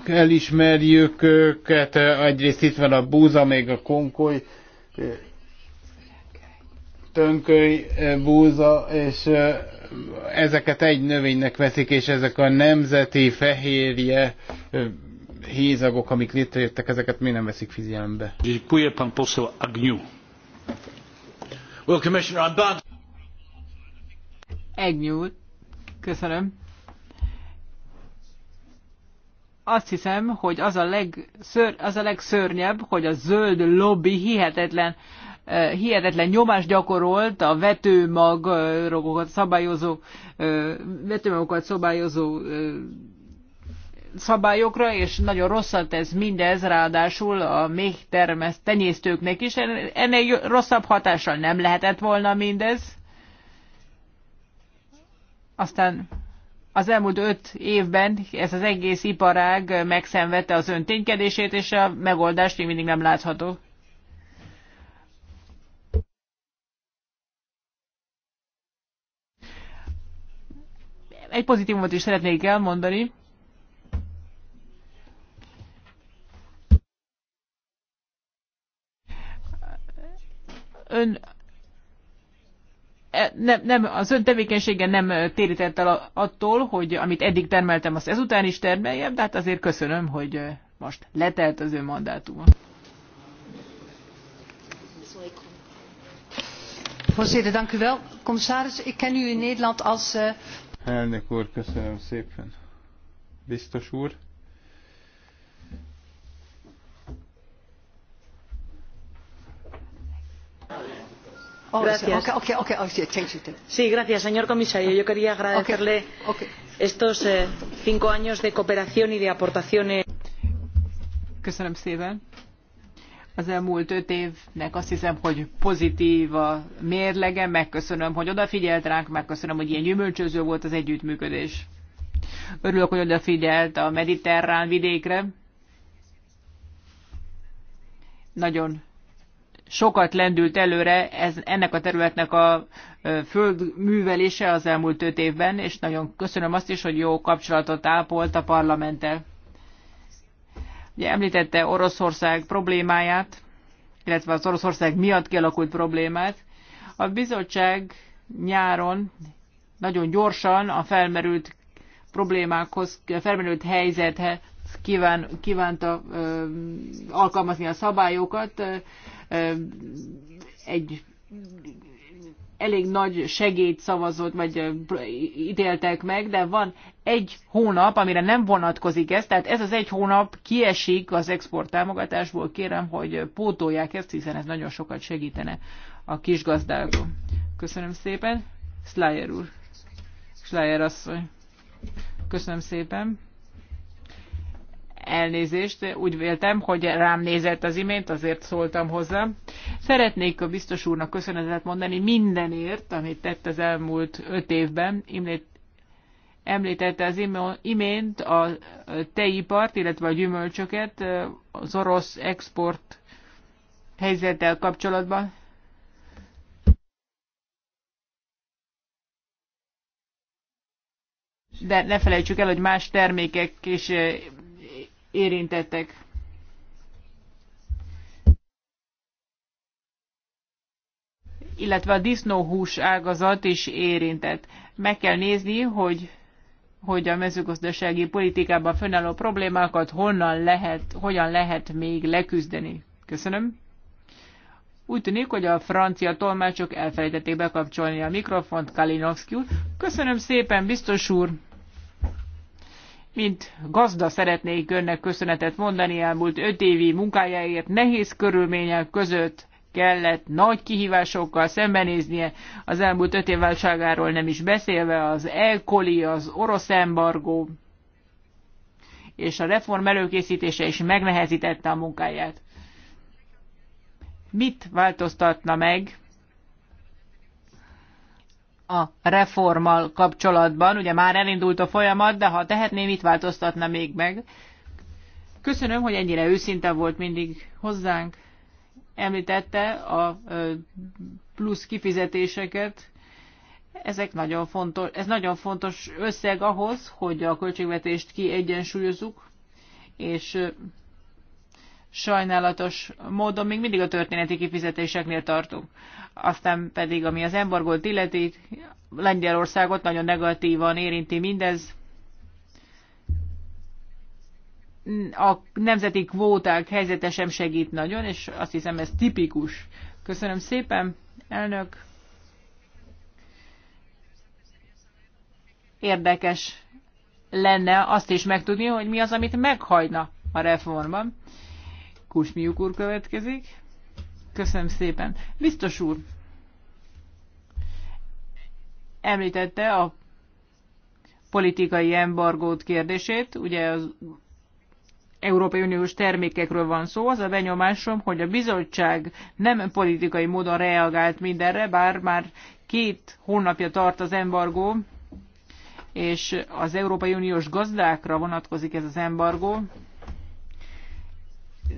elismerjük őket. Egyrészt itt van a búza, még a konkoly, tönköly búza, és ezeket egy növénynek veszik, és ezek a nemzeti fehérje hízagok, amik létrejöttek, ezeket mi nem veszik figyelembe. Dziękuję pan poseł Agniu. Well, Commissioner, I'm bound... Egnyúl. Köszönöm. Azt hiszem, hogy az a, legször, az a legszörnyebb, hogy a zöld lobby hihetetlen, uh, hihetetlen nyomást gyakorolt a vetőmagokat szabályozó, uh, vetőmagokat szabályozó uh, szabályokra, és nagyon rosszat tesz mindez, ráadásul a még termeszt tenyésztőknek is. Ennél rosszabb hatással nem lehetett volna mindez. Aztán az elmúlt öt évben ez az egész iparág megszenvedte az önténykedését, és a megoldást még mindig nem látható. Egy pozitívumot is szeretnék elmondani. ön e, nem, nem, az ön tevékenysége nem térített el attól, hogy amit eddig termeltem, azt ezután is termeljem, de hát azért köszönöm, hogy e, most letelt az ön mandátuma. Voorzitter, dank u wel. Commissaris, ik ken u in Nederland als... Uh... Elnök úr, köszönöm szépen. Biztos úr. señor comisario yo quería agradecerle estos eh, cinco años de cooperación y de aportaciones. köszönöm szépen. Az elmúlt öt évnek azt hiszem, hogy pozitív a mérlege, megköszönöm, hogy odafigyelt ránk, megköszönöm, hogy ilyen gyümölcsöző volt az együttműködés. Örülök, hogy odafigyelt a mediterrán vidékre. Nagyon sokat lendült előre ez, ennek a területnek a földművelése az elmúlt öt évben, és nagyon köszönöm azt is, hogy jó kapcsolatot ápolt a parlamenttel. Ugye említette Oroszország problémáját, illetve az Oroszország miatt kialakult problémát. A bizottság nyáron nagyon gyorsan a felmerült problémákhoz, felmerült helyzethez kíván, kívánta ö, alkalmazni a szabályokat. Ö, egy elég nagy segélyt szavazott, vagy ítéltek meg, de van egy hónap, amire nem vonatkozik ez, tehát ez az egy hónap kiesik az export támogatásból, kérem, hogy pótolják ezt, hiszen ez nagyon sokat segítene a kisgazdákon. Köszönöm szépen. Slayer úr. Slayer asszony. Köszönöm szépen. Elnézést, úgy véltem, hogy rám nézett az imént, azért szóltam hozzá. Szeretnék a biztos úrnak köszönetet mondani mindenért, amit tett az elmúlt öt évben. Imlét említette az imént a tejipart, illetve a gyümölcsöket az orosz export helyzettel kapcsolatban. De ne felejtsük el, hogy más termékek is érintettek. illetve a disznóhús ágazat is érintett. Meg kell nézni, hogy, hogy a mezőgazdasági politikában fönnálló problémákat honnan lehet, hogyan lehet még leküzdeni. Köszönöm. Úgy tűnik, hogy a francia tolmácsok elfelejtették bekapcsolni a mikrofont Kalinowski úr. Köszönöm szépen, biztos úr! Mint gazda szeretnék önnek köszönetet mondani elmúlt öt évi munkájáért. Nehéz körülmények között kellett nagy kihívásokkal szembenéznie, az elmúlt öt év válságáról nem is beszélve, az elkoli, az orosz embargó, és a reform előkészítése is megnehezítette a munkáját. Mit változtatna meg a reformmal kapcsolatban. Ugye már elindult a folyamat, de ha tehetném, itt változtatna még meg. Köszönöm, hogy ennyire őszinte volt mindig hozzánk. Említette a plusz kifizetéseket. Ezek nagyon fontos, ez nagyon fontos összeg ahhoz, hogy a költségvetést kiegyensúlyozzuk, és sajnálatos módon még mindig a történeti kifizetéseknél tartunk. Aztán pedig, ami az embargót illeti, Lengyelországot nagyon negatívan érinti mindez. A nemzeti kvóták helyzete sem segít nagyon, és azt hiszem ez tipikus. Köszönöm szépen, elnök. Érdekes lenne azt is megtudni, hogy mi az, amit meghajna a reformban Kusmiuk úr következik. Köszönöm szépen. Biztos úr, említette a politikai embargót kérdését, ugye az Európai Uniós termékekről van szó, az a benyomásom, hogy a bizottság nem politikai módon reagált mindenre, bár már két hónapja tart az embargó, és az Európai Uniós gazdákra vonatkozik ez az embargó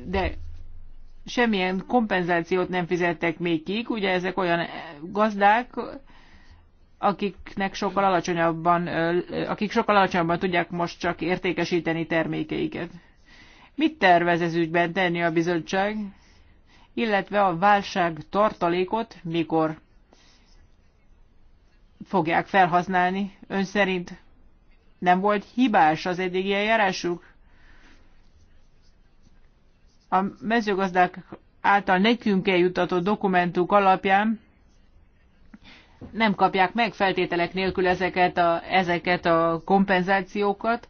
de semmilyen kompenzációt nem fizettek még ki, ugye ezek olyan gazdák, akiknek sokkal alacsonyabban, akik sokkal alacsonyabban tudják most csak értékesíteni termékeiket. Mit tervez ez ügyben tenni a bizottság, illetve a válság tartalékot mikor fogják felhasználni? Ön szerint nem volt hibás az eddigi eljárásuk? a mezőgazdák által nekünk eljutatott dokumentuk alapján nem kapják meg feltételek nélkül ezeket a, ezeket a kompenzációkat,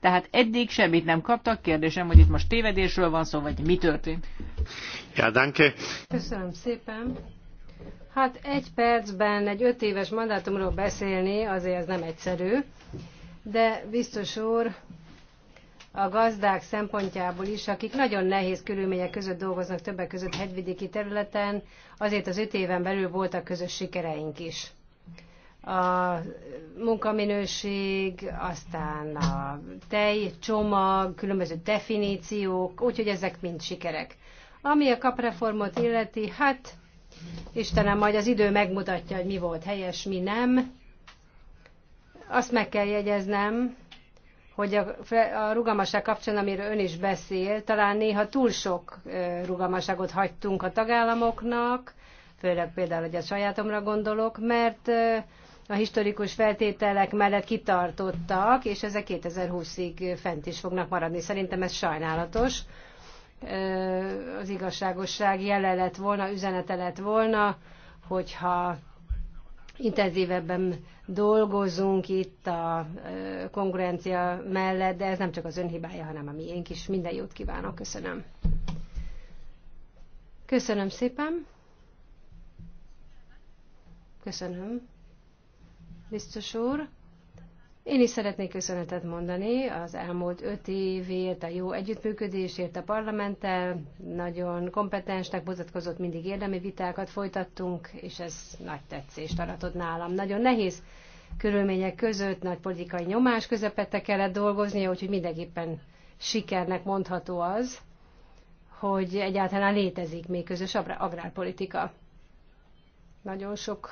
tehát eddig semmit nem kaptak. Kérdésem, hogy itt most tévedésről van szó, vagy mi történt? Ja, danke. Köszönöm szépen. Hát egy percben egy öt éves mandátumról beszélni azért ez nem egyszerű, de biztos úr, a gazdák szempontjából is, akik nagyon nehéz körülmények között dolgoznak többek között hegyvidéki területen, azért az öt éven belül voltak közös sikereink is. A munkaminőség, aztán a tej, csomag, különböző definíciók, úgyhogy ezek mind sikerek. Ami a kapreformot illeti, hát Istenem, majd az idő megmutatja, hogy mi volt helyes, mi nem. Azt meg kell jegyeznem, hogy a, a rugalmasság kapcsán, amiről ön is beszél, talán néha túl sok rugalmasságot hagytunk a tagállamoknak, főleg például, hogy a sajátomra gondolok, mert a historikus feltételek mellett kitartottak, és ezek 2020-ig fent is fognak maradni. Szerintem ez sajnálatos. Az igazságosság jele lett volna, üzenete lett volna, hogyha intenzívebben dolgozunk itt a konkurencia mellett, de ez nem csak az ön hibája, hanem a miénk is. Minden jót kívánok, köszönöm. Köszönöm szépen. Köszönöm. Biztos úr. Én is szeretnék köszönetet mondani az elmúlt öt évért, a jó együttműködésért a parlamenttel. Nagyon kompetensnek mutatkozott, mindig érdemi vitákat folytattunk, és ez nagy tetszést aratott nálam. Nagyon nehéz körülmények között, nagy politikai nyomás közepette kellett dolgoznia, úgyhogy mindenképpen sikernek mondható az, hogy egyáltalán létezik még közös agrárpolitika. Nagyon sok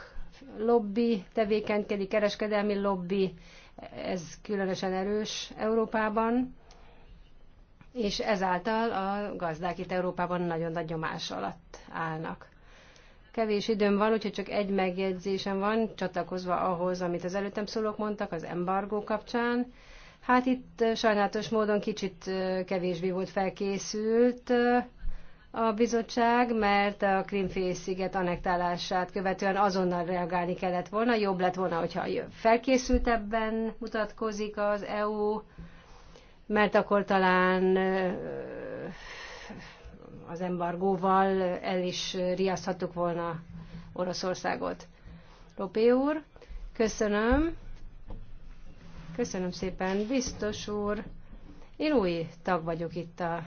lobby tevékenykedik, kereskedelmi lobby, ez különösen erős Európában, és ezáltal a gazdák itt Európában nagyon nagy nyomás alatt állnak. Kevés időm van, úgyhogy csak egy megjegyzésem van, csatlakozva ahhoz, amit az előttem szólók mondtak az embargó kapcsán. Hát itt sajnálatos módon kicsit kevésbé volt felkészült a bizottság, mert a Krimfélsziget anektálását követően azonnal reagálni kellett volna. Jobb lett volna, hogyha felkészültebben mutatkozik az EU, mert akkor talán az embargóval el is riaszthattuk volna Oroszországot. Lopé úr, köszönöm. Köszönöm szépen, biztos úr. Én új tag vagyok itt a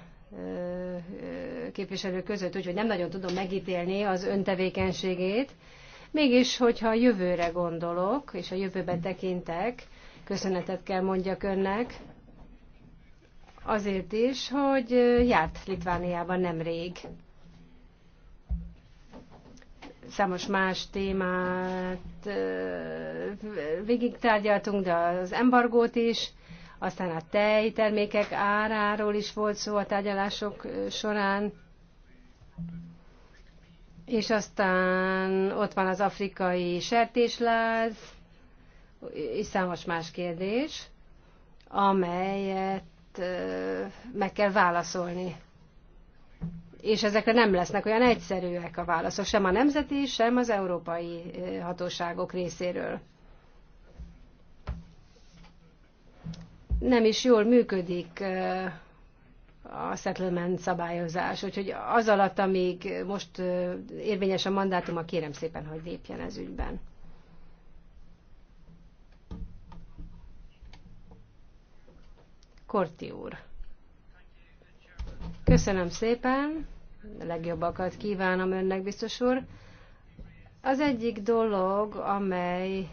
képviselők között, úgyhogy nem nagyon tudom megítélni az öntevékenységét. Mégis, hogyha a jövőre gondolok, és a jövőbe tekintek, köszönetet kell mondjak önnek, azért is, hogy járt Litvániában nemrég. Számos más témát végig tárgyaltunk, de az embargót is, aztán a tejtermékek áráról is volt szó a tárgyalások során. És aztán ott van az afrikai sertésláz, és számos más kérdés, amelyet meg kell válaszolni. És ezekre nem lesznek olyan egyszerűek a válaszok, sem a nemzeti, sem az európai hatóságok részéről. nem is jól működik a settlement szabályozás. Úgyhogy az alatt, amíg most érvényes a mandátum, a kérem szépen, hogy lépjen ez ügyben. Korti úr. Köszönöm szépen, a legjobbakat kívánom önnek, biztos úr. Az egyik dolog, amely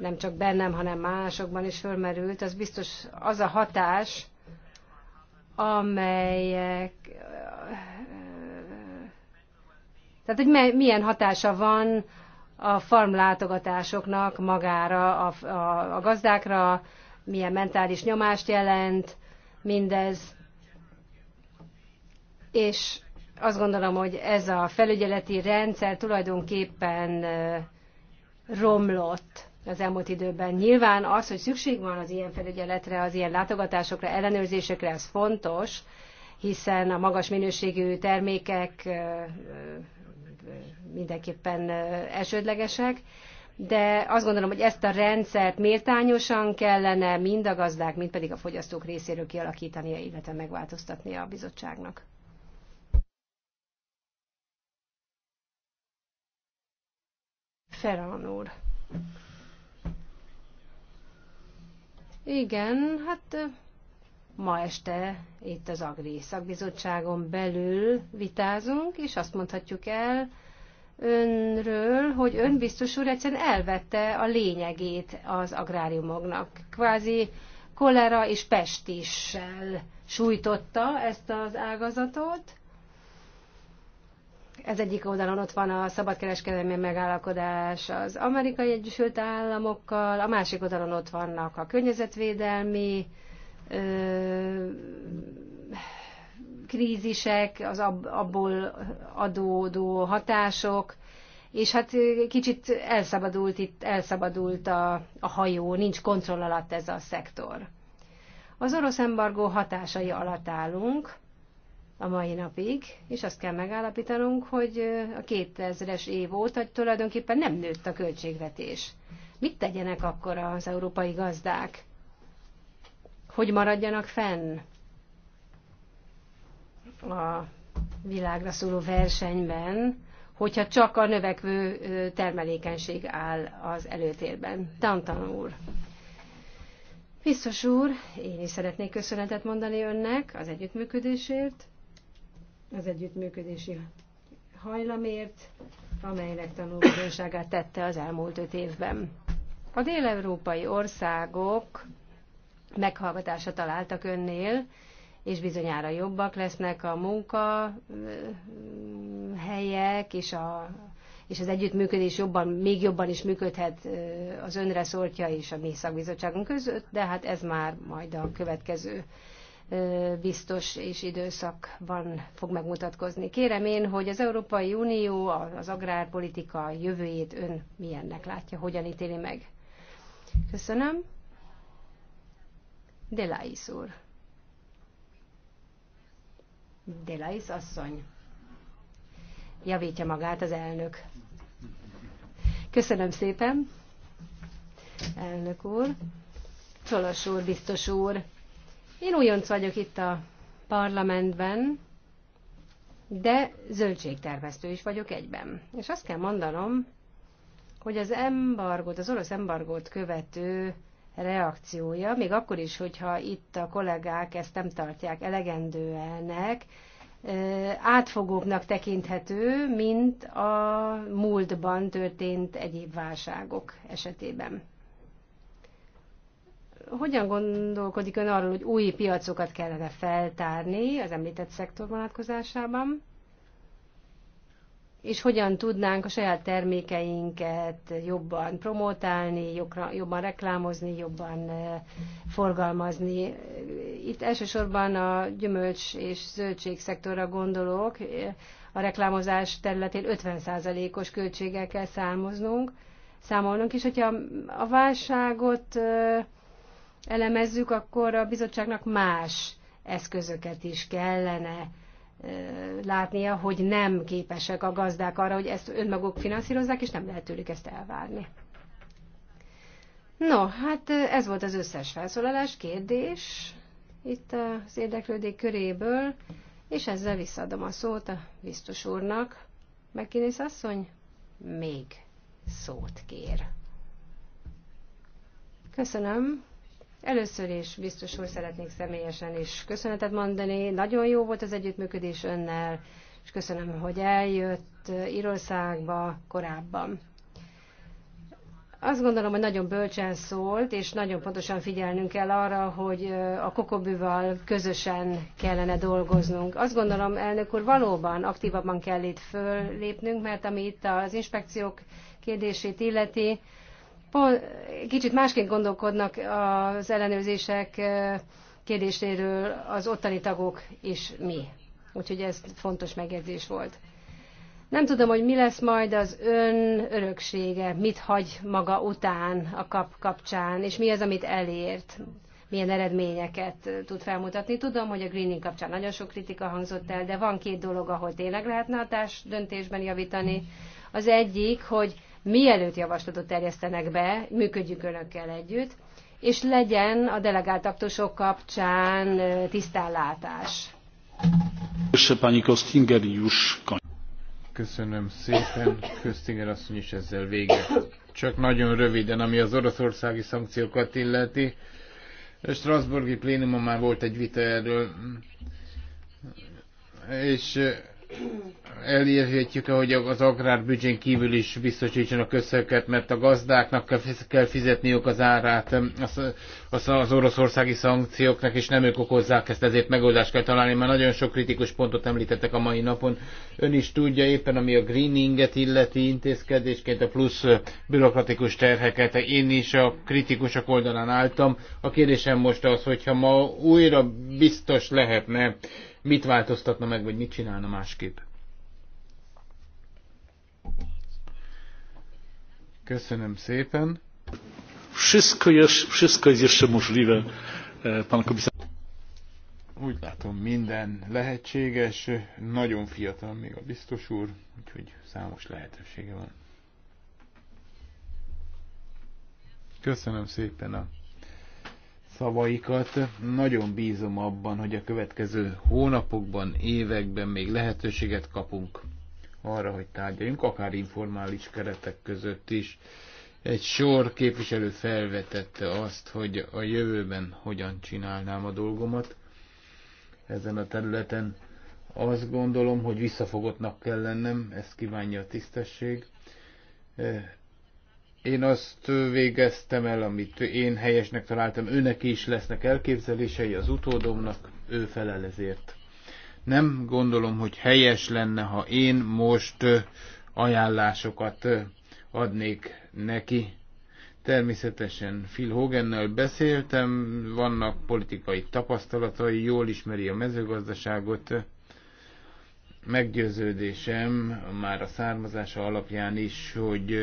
nem csak bennem, hanem másokban is fölmerült, az biztos az a hatás, amelyek tehát, hogy milyen hatása van a farm látogatásoknak magára, a, a, a gazdákra, milyen mentális nyomást jelent mindez. És azt gondolom, hogy ez a felügyeleti rendszer tulajdonképpen romlott az elmúlt időben. Nyilván az, hogy szükség van az ilyen felügyeletre, az ilyen látogatásokra, ellenőrzésekre, ez fontos, hiszen a magas minőségű termékek mindenképpen elsődlegesek, de azt gondolom, hogy ezt a rendszert méltányosan kellene mind a gazdák, mind pedig a fogyasztók részéről kialakítania, illetve megváltoztatnia a bizottságnak. Ferran úr. Igen, hát ma este itt az Agri Szakbizottságon belül vitázunk, és azt mondhatjuk el önről, hogy ön biztos úr egyszerűen elvette a lényegét az agráriumoknak. Kvázi kolera és pestissel sújtotta ezt az ágazatot, ez egyik oldalon ott van a szabadkereskedelmi megállapodás az amerikai Egyesült Államokkal, a másik oldalon ott vannak a környezetvédelmi ö, krízisek, az ab, abból adódó hatások, és hát kicsit elszabadult itt, elszabadult a, a hajó, nincs kontroll alatt ez a szektor. Az orosz embargó hatásai alatt állunk, a mai napig, és azt kell megállapítanunk, hogy a 2000-es év óta tulajdonképpen nem nőtt a költségvetés. Mit tegyenek akkor az európai gazdák? Hogy maradjanak fenn a világra szóló versenyben, hogyha csak a növekvő termelékenység áll az előtérben? Tantan úr. Biztos úr, én is szeretnék köszönetet mondani önnek az együttműködésért, az együttműködési hajlamért, amelynek tanulmányosságát tette az elmúlt öt évben. A déleurópai országok meghallgatása találtak önnél, és bizonyára jobbak lesznek a munkahelyek, és, a, és az együttműködés jobban, még jobban is működhet az önre szortja és a mi szakbizottságunk között, de hát ez már majd a következő biztos és időszakban fog megmutatkozni. Kérem én, hogy az Európai Unió az agrárpolitika jövőjét ön milyennek látja, hogyan ítéli meg. Köszönöm. Delais úr. Delais asszony. Javítja magát az elnök. Köszönöm szépen, elnök úr. Csolos úr, biztos úr. Én újonc vagyok itt a parlamentben, de zöldségtervesztő is vagyok egyben. És azt kell mondanom, hogy az embargót, az orosz embargót követő reakciója, még akkor is, hogyha itt a kollégák ezt nem tartják elegendőenek, átfogóbbnak tekinthető, mint a múltban történt egyéb válságok esetében hogyan gondolkodik ön arról, hogy új piacokat kellene feltárni az említett szektor vonatkozásában? És hogyan tudnánk a saját termékeinket jobban promotálni, jobban reklámozni, jobban forgalmazni? Itt elsősorban a gyümölcs és zöldség szektorra gondolok. A reklámozás területén 50%-os költségekkel számoznunk, számolnunk, és hogyha a válságot elemezzük, akkor a bizottságnak más eszközöket is kellene látnia, hogy nem képesek a gazdák arra, hogy ezt önmaguk finanszírozzák, és nem lehet tőlük ezt elvárni. No, hát ez volt az összes felszólalás, kérdés itt az érdeklődék köréből, és ezzel visszaadom a szót a biztos úrnak. Megkinész asszony még szót kér. Köszönöm. Először is biztos úr szeretnék személyesen is köszönetet mondani. Nagyon jó volt az együttműködés önnel, és köszönöm, hogy eljött Írországba korábban. Azt gondolom, hogy nagyon bölcsen szólt, és nagyon pontosan figyelnünk kell arra, hogy a kokobüval közösen kellene dolgoznunk. Azt gondolom, elnök úr, valóban aktívabban kell itt föllépnünk, mert ami itt az inspekciók kérdését illeti, kicsit másként gondolkodnak az ellenőrzések eh, kérdéséről az ottani tagok és mi. Úgyhogy ez fontos megjegyzés volt. Nem tudom, hogy mi lesz majd az ön öröksége, mit hagy maga után a kap kapcsán, és mi az, amit elért, milyen eredményeket tud felmutatni. Tudom, hogy a greening kapcsán nagyon sok kritika hangzott el, de van két dolog, ahol tényleg lehetne hatás döntésben javítani. Az egyik, hogy mielőtt javaslatot terjesztenek be, működjünk önökkel együtt, és legyen a delegált aktusok kapcsán tisztánlátás. Köszönöm szépen, Köztinger asszony is ezzel vége. Csak nagyon röviden, ami az oroszországi szankciókat illeti. A Strasburgi plénumon már volt egy vita erről, és elérhetjük -e, hogy az agrárbüdzsén kívül is biztosítsanak összeget, mert a gazdáknak kell fizetniük az árát az, az, oroszországi szankcióknak, és nem ők okozzák ezt, ezért megoldást kell találni, mert nagyon sok kritikus pontot említettek a mai napon. Ön is tudja éppen, ami a greeninget illeti intézkedésként, a plusz bürokratikus terheket. Én is a kritikusok oldalán álltam. A kérdésem most az, hogyha ma újra biztos lehetne, mit változtatna meg, vagy mit csinálna másképp. Köszönöm szépen. Wszystko jest, jeszcze możliwe, e, pan komisarz. Úgy látom, minden lehetséges, nagyon fiatal még a biztos úr, úgyhogy számos lehetősége van. Köszönöm szépen a szavaikat. Nagyon bízom abban, hogy a következő hónapokban, években még lehetőséget kapunk arra, hogy tárgyaljunk, akár informális keretek között is. Egy sor képviselő felvetette azt, hogy a jövőben hogyan csinálnám a dolgomat ezen a területen. Azt gondolom, hogy visszafogottnak kell lennem, ezt kívánja a tisztesség én azt végeztem el, amit én helyesnek találtam. Őnek is lesznek elképzelései, az utódomnak ő felel ezért. Nem gondolom, hogy helyes lenne, ha én most ajánlásokat adnék neki. Természetesen Phil Hogannel beszéltem, vannak politikai tapasztalatai, jól ismeri a mezőgazdaságot, meggyőződésem már a származása alapján is, hogy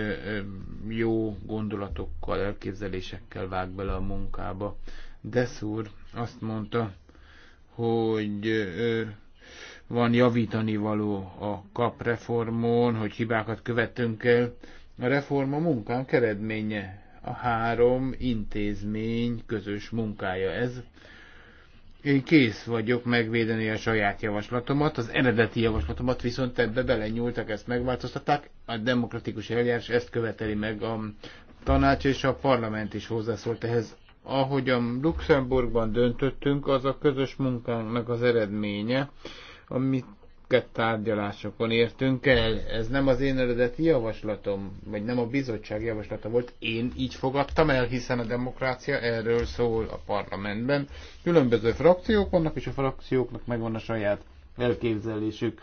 jó gondolatokkal, elképzelésekkel vág bele a munkába. Deszúr azt mondta, hogy van javítani való a kap reformon, hogy hibákat követtünk el. A reform a munkánk eredménye, a három intézmény közös munkája ez én kész vagyok megvédeni a saját javaslatomat, az eredeti javaslatomat viszont ebbe belenyúltak, ezt megváltoztatták. A demokratikus eljárás ezt követeli meg a tanács és a parlament is hozzászólt ehhez. ahogy a Luxemburgban döntöttünk, az a közös munkánknak az eredménye, amit tárgyalásokon értünk el. Ez nem az én eredeti javaslatom, vagy nem a bizottság javaslata volt. Én így fogadtam el, hiszen a demokrácia erről szól a parlamentben. Különböző frakciók vannak, és a frakcióknak megvan a saját elképzelésük.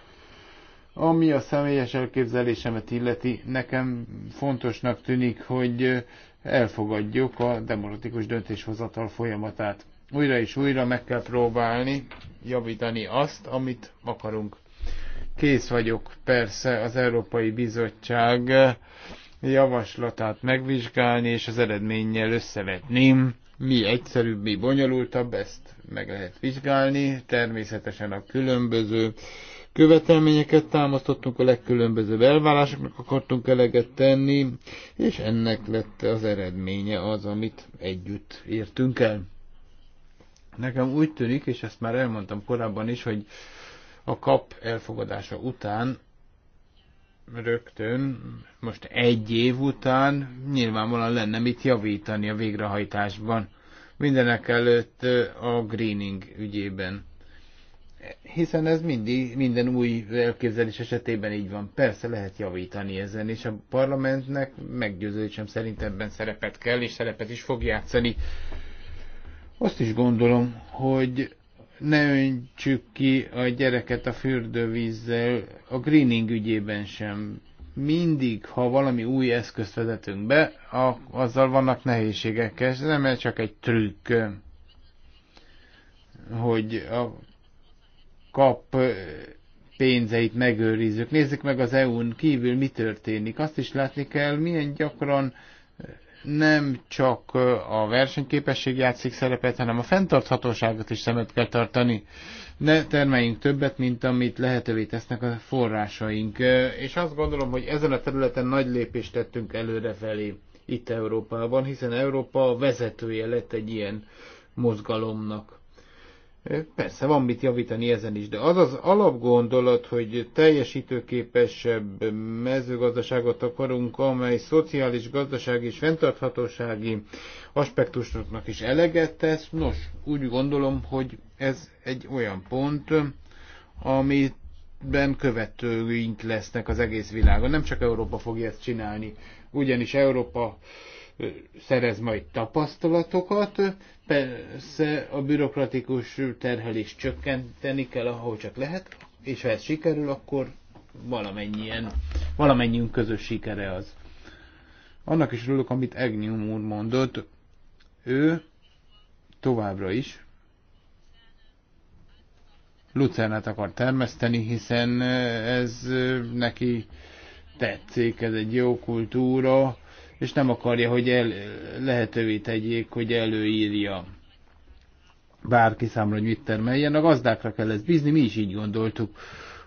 Ami a személyes elképzelésemet illeti, nekem fontosnak tűnik, hogy elfogadjuk a demokratikus döntéshozatal folyamatát. Újra és újra meg kell próbálni javítani azt, amit akarunk. Kész vagyok persze az Európai Bizottság javaslatát megvizsgálni, és az eredménnyel összevetni. Mi egyszerűbb, mi bonyolultabb, ezt meg lehet vizsgálni. Természetesen a különböző követelményeket támasztottunk, a legkülönbözőbb elvárásoknak akartunk eleget tenni, és ennek lett az eredménye az, amit együtt értünk el. Nekem úgy tűnik, és ezt már elmondtam korábban is, hogy a kap elfogadása után rögtön, most egy év után nyilvánvalóan lenne mit javítani a végrehajtásban. Mindenek előtt a greening ügyében. Hiszen ez mindig, minden új elképzelés esetében így van. Persze lehet javítani ezen, és a parlamentnek meggyőződésem szerint ebben szerepet kell, és szerepet is fog játszani. Azt is gondolom, hogy ne öntjük ki a gyereket a fürdővízzel, a greening ügyében sem. Mindig, ha valami új eszközt vezetünk be, a, azzal vannak nehézségek, ez nem csak egy trükk, hogy a kap pénzeit megőrizzük. Nézzük meg az EU-n kívül mi történik. Azt is látni kell, milyen gyakran nem csak a versenyképesség játszik szerepet, hanem a fenntarthatóságot is szemet kell tartani. Ne termeljünk többet, mint amit lehetővé tesznek a forrásaink. És azt gondolom, hogy ezen a területen nagy lépést tettünk előrefelé itt Európában, hiszen Európa a vezetője lett egy ilyen mozgalomnak. Persze van mit javítani ezen is, de az az alapgondolat, hogy teljesítőképesebb mezőgazdaságot akarunk, amely szociális, gazdasági és fenntarthatósági aspektusoknak is eleget tesz, nos, úgy gondolom, hogy ez egy olyan pont, amiben ben követőink lesznek az egész világon. Nem csak Európa fogja ezt csinálni, ugyanis Európa szerez majd tapasztalatokat. Persze a bürokratikus terhelés csökkenteni kell, ahol csak lehet, és ha ez sikerül, akkor valamennyien, valamennyiünk közös sikere az. Annak is örülök, amit Egnium úr mondott, ő továbbra is lucernát akar termeszteni, hiszen ez neki tetszik, ez egy jó kultúra, és nem akarja, hogy el, lehetővé tegyék, hogy előírja bárki számra, hogy mit termeljen. A gazdákra kell ezt bízni, mi is így gondoltuk.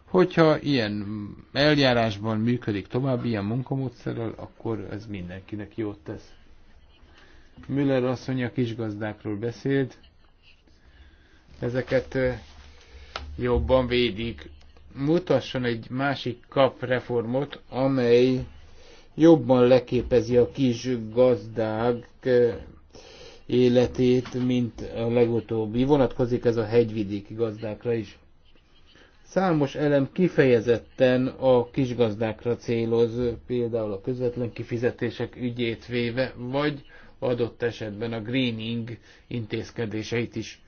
Hogyha ilyen eljárásban működik tovább, ilyen munkamódszerrel, akkor ez mindenkinek jót tesz. Müller asszony a kisgazdákról beszélt. Ezeket jobban védik. Mutasson egy másik kap reformot, amely jobban leképezi a kis gazdák eh, életét, mint a legutóbbi. Vonatkozik ez a hegyvidéki gazdákra is. Számos elem kifejezetten a kisgazdákra céloz, például a közvetlen kifizetések ügyét véve, vagy adott esetben a greening intézkedéseit is.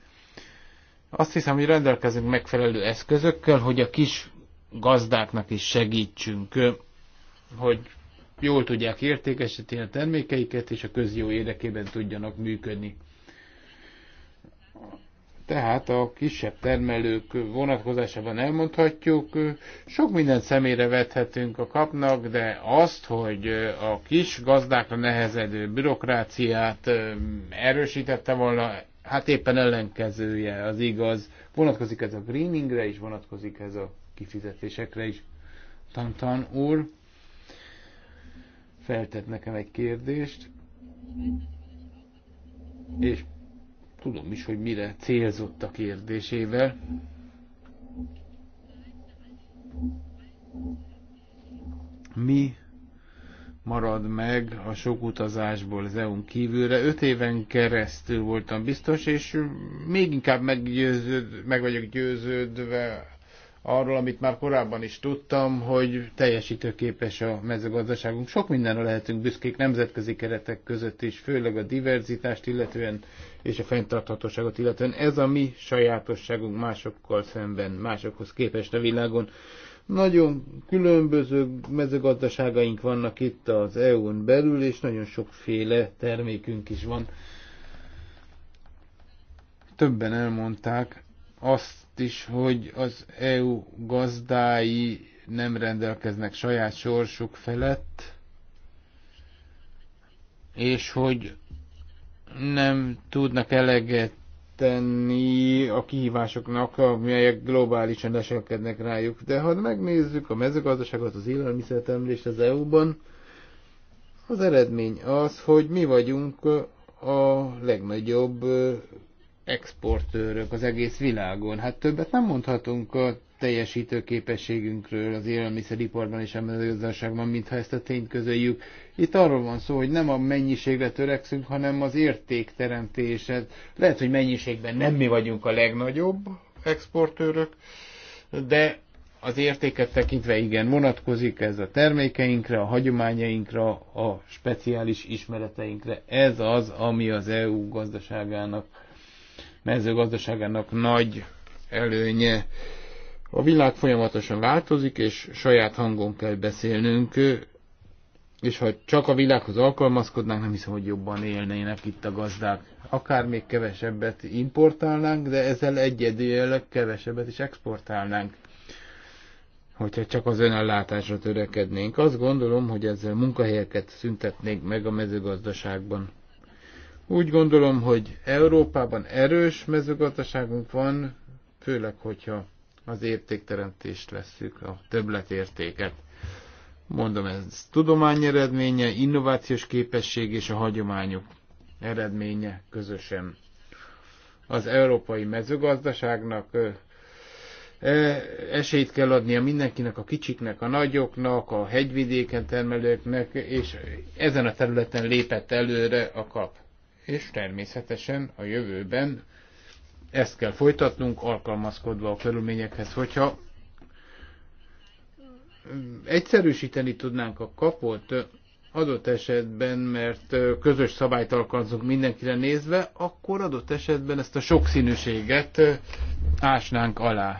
Azt hiszem, hogy rendelkezünk megfelelő eszközökkel, hogy a kis gazdáknak is segítsünk, hogy jól tudják értékesíteni a termékeiket, és a közjó érdekében tudjanak működni. Tehát a kisebb termelők vonatkozásában elmondhatjuk, sok minden szemére vethetünk a kapnak, de azt, hogy a kis gazdákra nehezedő bürokráciát erősítette volna, hát éppen ellenkezője az igaz. Vonatkozik ez a greeningre is, vonatkozik ez a kifizetésekre is. Tantan úr feltett nekem egy kérdést, és tudom is, hogy mire célzott a kérdésével. Mi marad meg a sok utazásból az EU-n kívülre. Öt éven keresztül voltam biztos, és még inkább meg vagyok győződve arról, amit már korábban is tudtam, hogy teljesítőképes a mezőgazdaságunk. Sok mindenre lehetünk büszkék nemzetközi keretek között is, főleg a diverzitást illetően és a fenntarthatóságot illetően. Ez a mi sajátosságunk másokkal szemben, másokhoz képest a világon. Nagyon különböző mezőgazdaságaink vannak itt az EU-n belül, és nagyon sokféle termékünk is van. Többen elmondták azt, is, hogy az EU gazdái nem rendelkeznek saját sorsuk felett, és hogy nem tudnak eleget tenni a kihívásoknak, amelyek globálisan leselkednek rájuk. De ha megnézzük a mezőgazdaságot, az élelmiszertemlést az EU-ban, az eredmény az, hogy mi vagyunk a legnagyobb exportőrök az egész világon. Hát többet nem mondhatunk a teljesítő képességünkről az élelmiszeriparban és a mezőgazdaságban, mintha ezt a tényt közöljük. Itt arról van szó, hogy nem a mennyiségre törekszünk, hanem az értékteremtésed. Lehet, hogy mennyiségben nem mi vagyunk a legnagyobb exportőrök, de az értéket tekintve igen vonatkozik ez a termékeinkre, a hagyományainkra, a speciális ismereteinkre. Ez az, ami az EU gazdaságának mezőgazdaságának nagy előnye. A világ folyamatosan változik, és saját hangon kell beszélnünk, és ha csak a világhoz alkalmazkodnánk, nem hiszem, hogy jobban élnének itt a gazdák. Akár még kevesebbet importálnánk, de ezzel egyedül kevesebbet is exportálnánk hogyha csak az önellátásra törekednénk. Azt gondolom, hogy ezzel munkahelyeket szüntetnénk meg a mezőgazdaságban. Úgy gondolom, hogy Európában erős mezőgazdaságunk van, főleg, hogyha az értékteremtést veszük, a többletértéket. Mondom, ez tudomány eredménye, innovációs képesség és a hagyományok eredménye közösen. Az európai mezőgazdaságnak e, esélyt kell adnia mindenkinek, a kicsiknek, a nagyoknak, a hegyvidéken termelőknek, és ezen a területen lépett előre a kap és természetesen a jövőben ezt kell folytatnunk, alkalmazkodva a körülményekhez. Hogyha egyszerűsíteni tudnánk a kapot adott esetben, mert közös szabályt alkalmazunk mindenkire nézve, akkor adott esetben ezt a sokszínűséget ásnánk alá.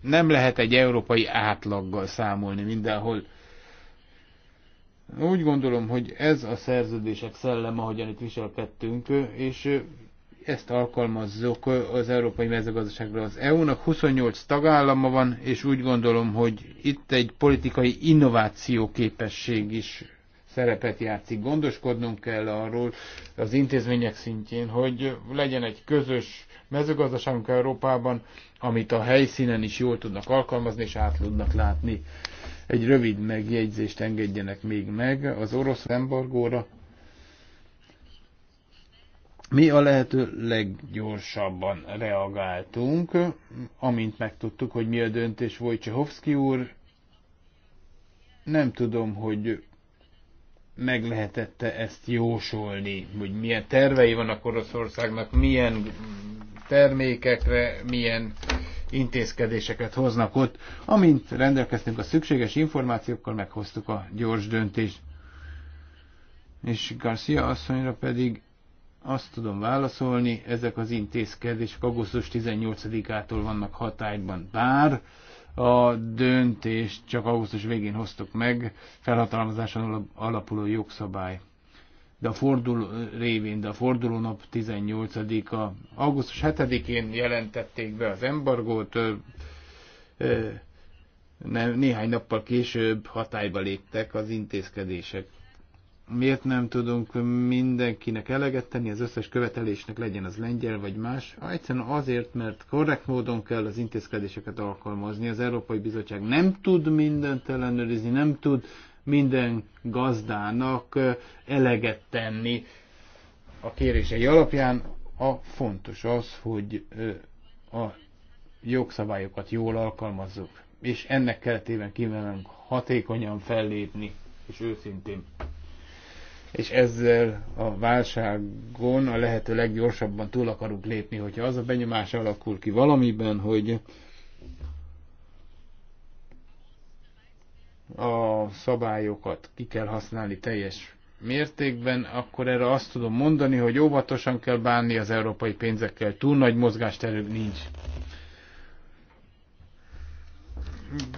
Nem lehet egy európai átlaggal számolni mindenhol. Úgy gondolom, hogy ez a szerződések szelleme, ahogyan itt viselkedtünk, és ezt alkalmazzuk az európai mezőgazdaságra. Az EU-nak 28 tagállama van, és úgy gondolom, hogy itt egy politikai innováció képesség is szerepet játszik. Gondoskodnunk kell arról az intézmények szintjén, hogy legyen egy közös mezőgazdaságunk Európában, amit a helyszínen is jól tudnak alkalmazni és át tudnak látni. Egy rövid megjegyzést engedjenek még meg az orosz embargóra. Mi a lehető leggyorsabban reagáltunk, amint megtudtuk, hogy mi a döntés Wojciechowski úr. Nem tudom, hogy meg lehetette ezt jósolni, hogy milyen tervei vannak Oroszországnak, milyen termékekre, milyen intézkedéseket hoznak ott. Amint rendelkeztünk a szükséges információkkal, meghoztuk a gyors döntést. És Garcia asszonyra pedig azt tudom válaszolni, ezek az intézkedések augusztus 18-ától vannak hatályban, bár a döntést csak augusztus végén hoztuk meg, felhatalmazáson alapuló jogszabály de a forduló révén, de a fordulónap 18-a, augusztus 7-én jelentették be az embargót, nem, néhány nappal később hatályba léptek az intézkedések. Miért nem tudunk mindenkinek eleget tenni, az összes követelésnek legyen az lengyel vagy más? Egyszerűen azért, mert korrekt módon kell az intézkedéseket alkalmazni. Az Európai Bizottság nem tud mindent ellenőrizni, nem tud minden gazdának eleget tenni a kérései alapján. A fontos az, hogy a jogszabályokat jól alkalmazzuk, és ennek keretében kimenünk hatékonyan fellépni, és őszintén. És ezzel a válságon a lehető leggyorsabban túl akarunk lépni, hogyha az a benyomás alakul ki valamiben, hogy a szabályokat ki kell használni teljes mértékben, akkor erre azt tudom mondani, hogy óvatosan kell bánni az európai pénzekkel, túl nagy mozgásterő nincs.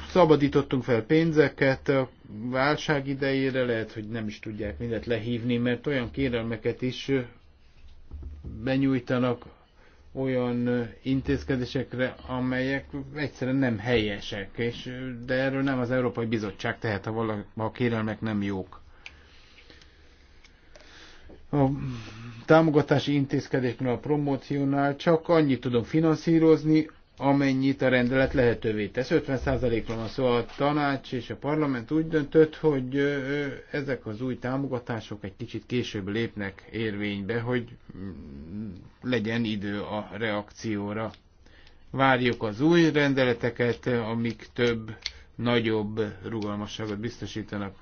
Szabadítottunk fel pénzeket a válság idejére, lehet, hogy nem is tudják mindet lehívni, mert olyan kérelmeket is benyújtanak, olyan intézkedésekre, amelyek egyszerűen nem helyesek, és, de erről nem az Európai Bizottság tehet, ha, valaki, ha a kérelmek nem jók. A támogatási intézkedésnél a promóciónál csak annyit tudom finanszírozni, amennyit a rendelet lehetővé tesz. 50%-ra van szó a tanács és a parlament úgy döntött, hogy ezek az új támogatások egy kicsit később lépnek érvénybe, hogy mm, legyen idő a reakcióra. Várjuk az új rendeleteket, amik több, nagyobb rugalmasságot biztosítanak.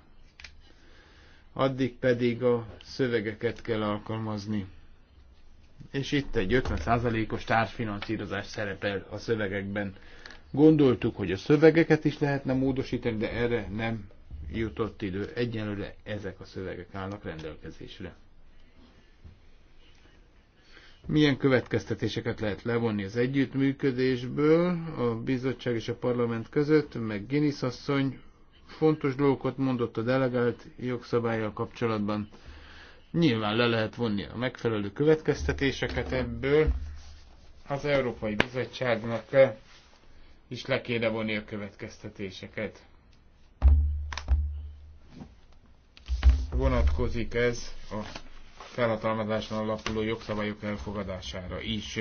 Addig pedig a szövegeket kell alkalmazni és itt egy 50%-os társfinanszírozás szerepel a szövegekben. Gondoltuk, hogy a szövegeket is lehetne módosítani, de erre nem jutott idő. Egyelőre ezek a szövegek állnak rendelkezésre. Milyen következtetéseket lehet levonni az együttműködésből a bizottság és a parlament között, meg Guinness asszony fontos dolgokat mondott a delegált jogszabályjal kapcsolatban. Nyilván le lehet vonni a megfelelő következtetéseket ebből. Az Európai Bizottságnak is le kéne vonni a következtetéseket. Vonatkozik ez a felhatalmazáson alapuló jogszabályok elfogadására is.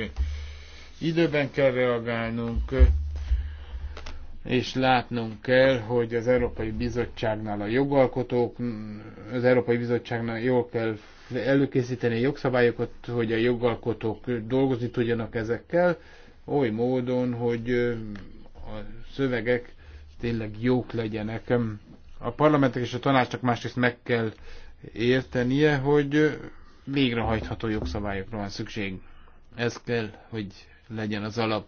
Időben kell reagálnunk, és látnunk kell, hogy az Európai Bizottságnál a jogalkotók, az Európai Bizottságnál jól kell előkészíteni a jogszabályokat, hogy a jogalkotók dolgozni tudjanak ezekkel, oly módon, hogy a szövegek tényleg jók legyenek. A parlamentek és a tanácsnak másrészt meg kell értenie, hogy végrehajtható jogszabályokra van szükség. Ez kell, hogy legyen az alap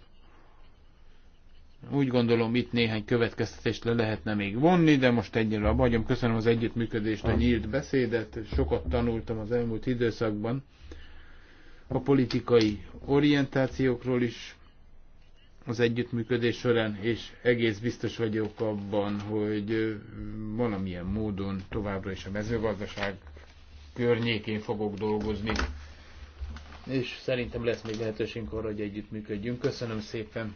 úgy gondolom, itt néhány következtetést le lehetne még vonni, de most egyelőre a bajom Köszönöm az együttműködést, a nyílt beszédet, sokat tanultam az elmúlt időszakban. A politikai orientációkról is az együttműködés során, és egész biztos vagyok abban, hogy valamilyen módon továbbra is a mezőgazdaság környékén fogok dolgozni. És szerintem lesz még lehetőségünk arra, hogy együttműködjünk. Köszönöm szépen!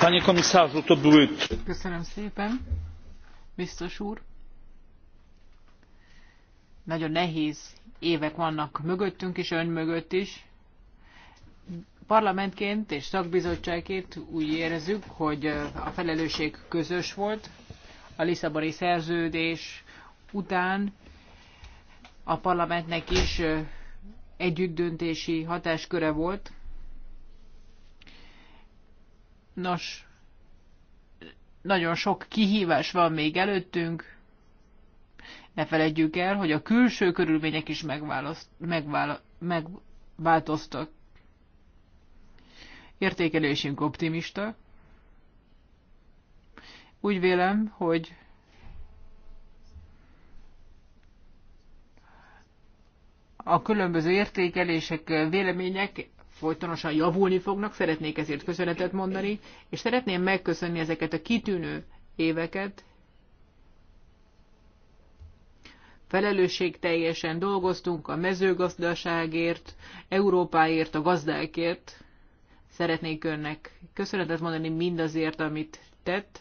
Panie komisarzu, to były... Köszönöm szépen, biztos úr. Nagyon nehéz évek vannak mögöttünk és ön mögött is. Parlamentként és szakbizottságként úgy érezzük, hogy a felelősség közös volt. A Lisszaboni szerződés után a parlamentnek is együttdöntési hatásköre volt, Nos, nagyon sok kihívás van még előttünk. Ne felejtjük el, hogy a külső körülmények is megváltoztak. Értékelésünk optimista. Úgy vélem, hogy a különböző értékelések, vélemények folytonosan javulni fognak, szeretnék ezért köszönetet mondani, és szeretném megköszönni ezeket a kitűnő éveket. Felelősség teljesen dolgoztunk a mezőgazdaságért, Európáért, a gazdákért. Szeretnék önnek köszönetet mondani mindazért, amit tett.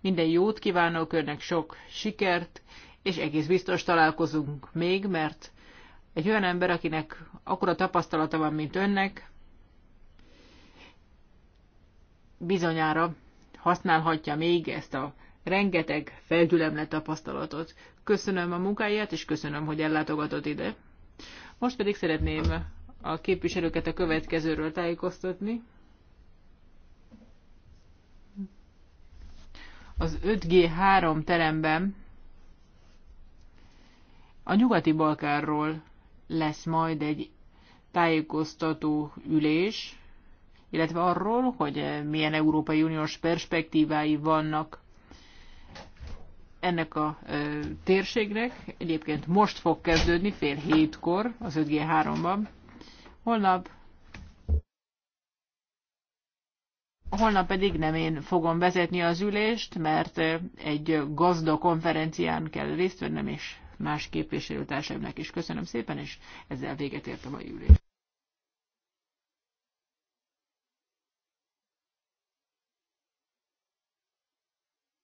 Minden jót kívánok önnek, sok sikert, és egész biztos találkozunk még, mert egy olyan ember, akinek akkora tapasztalata van, mint önnek, bizonyára használhatja még ezt a rengeteg felgyülemlet tapasztalatot. Köszönöm a munkáját, és köszönöm, hogy ellátogatott ide. Most pedig szeretném a képviselőket a következőről tájékoztatni. Az 5G3 teremben a nyugati Balkárról lesz majd egy tájékoztató ülés, illetve arról, hogy milyen Európai Uniós perspektívái vannak ennek a ö, térségnek. Egyébként most fog kezdődni, fél hétkor, az 5G3-ban. Holnap Holnap pedig nem én fogom vezetni az ülést, mert egy gazda konferencián kell részt vennem, és más képviselőtársaimnak is köszönöm szépen, és ezzel véget ért a mai ülést.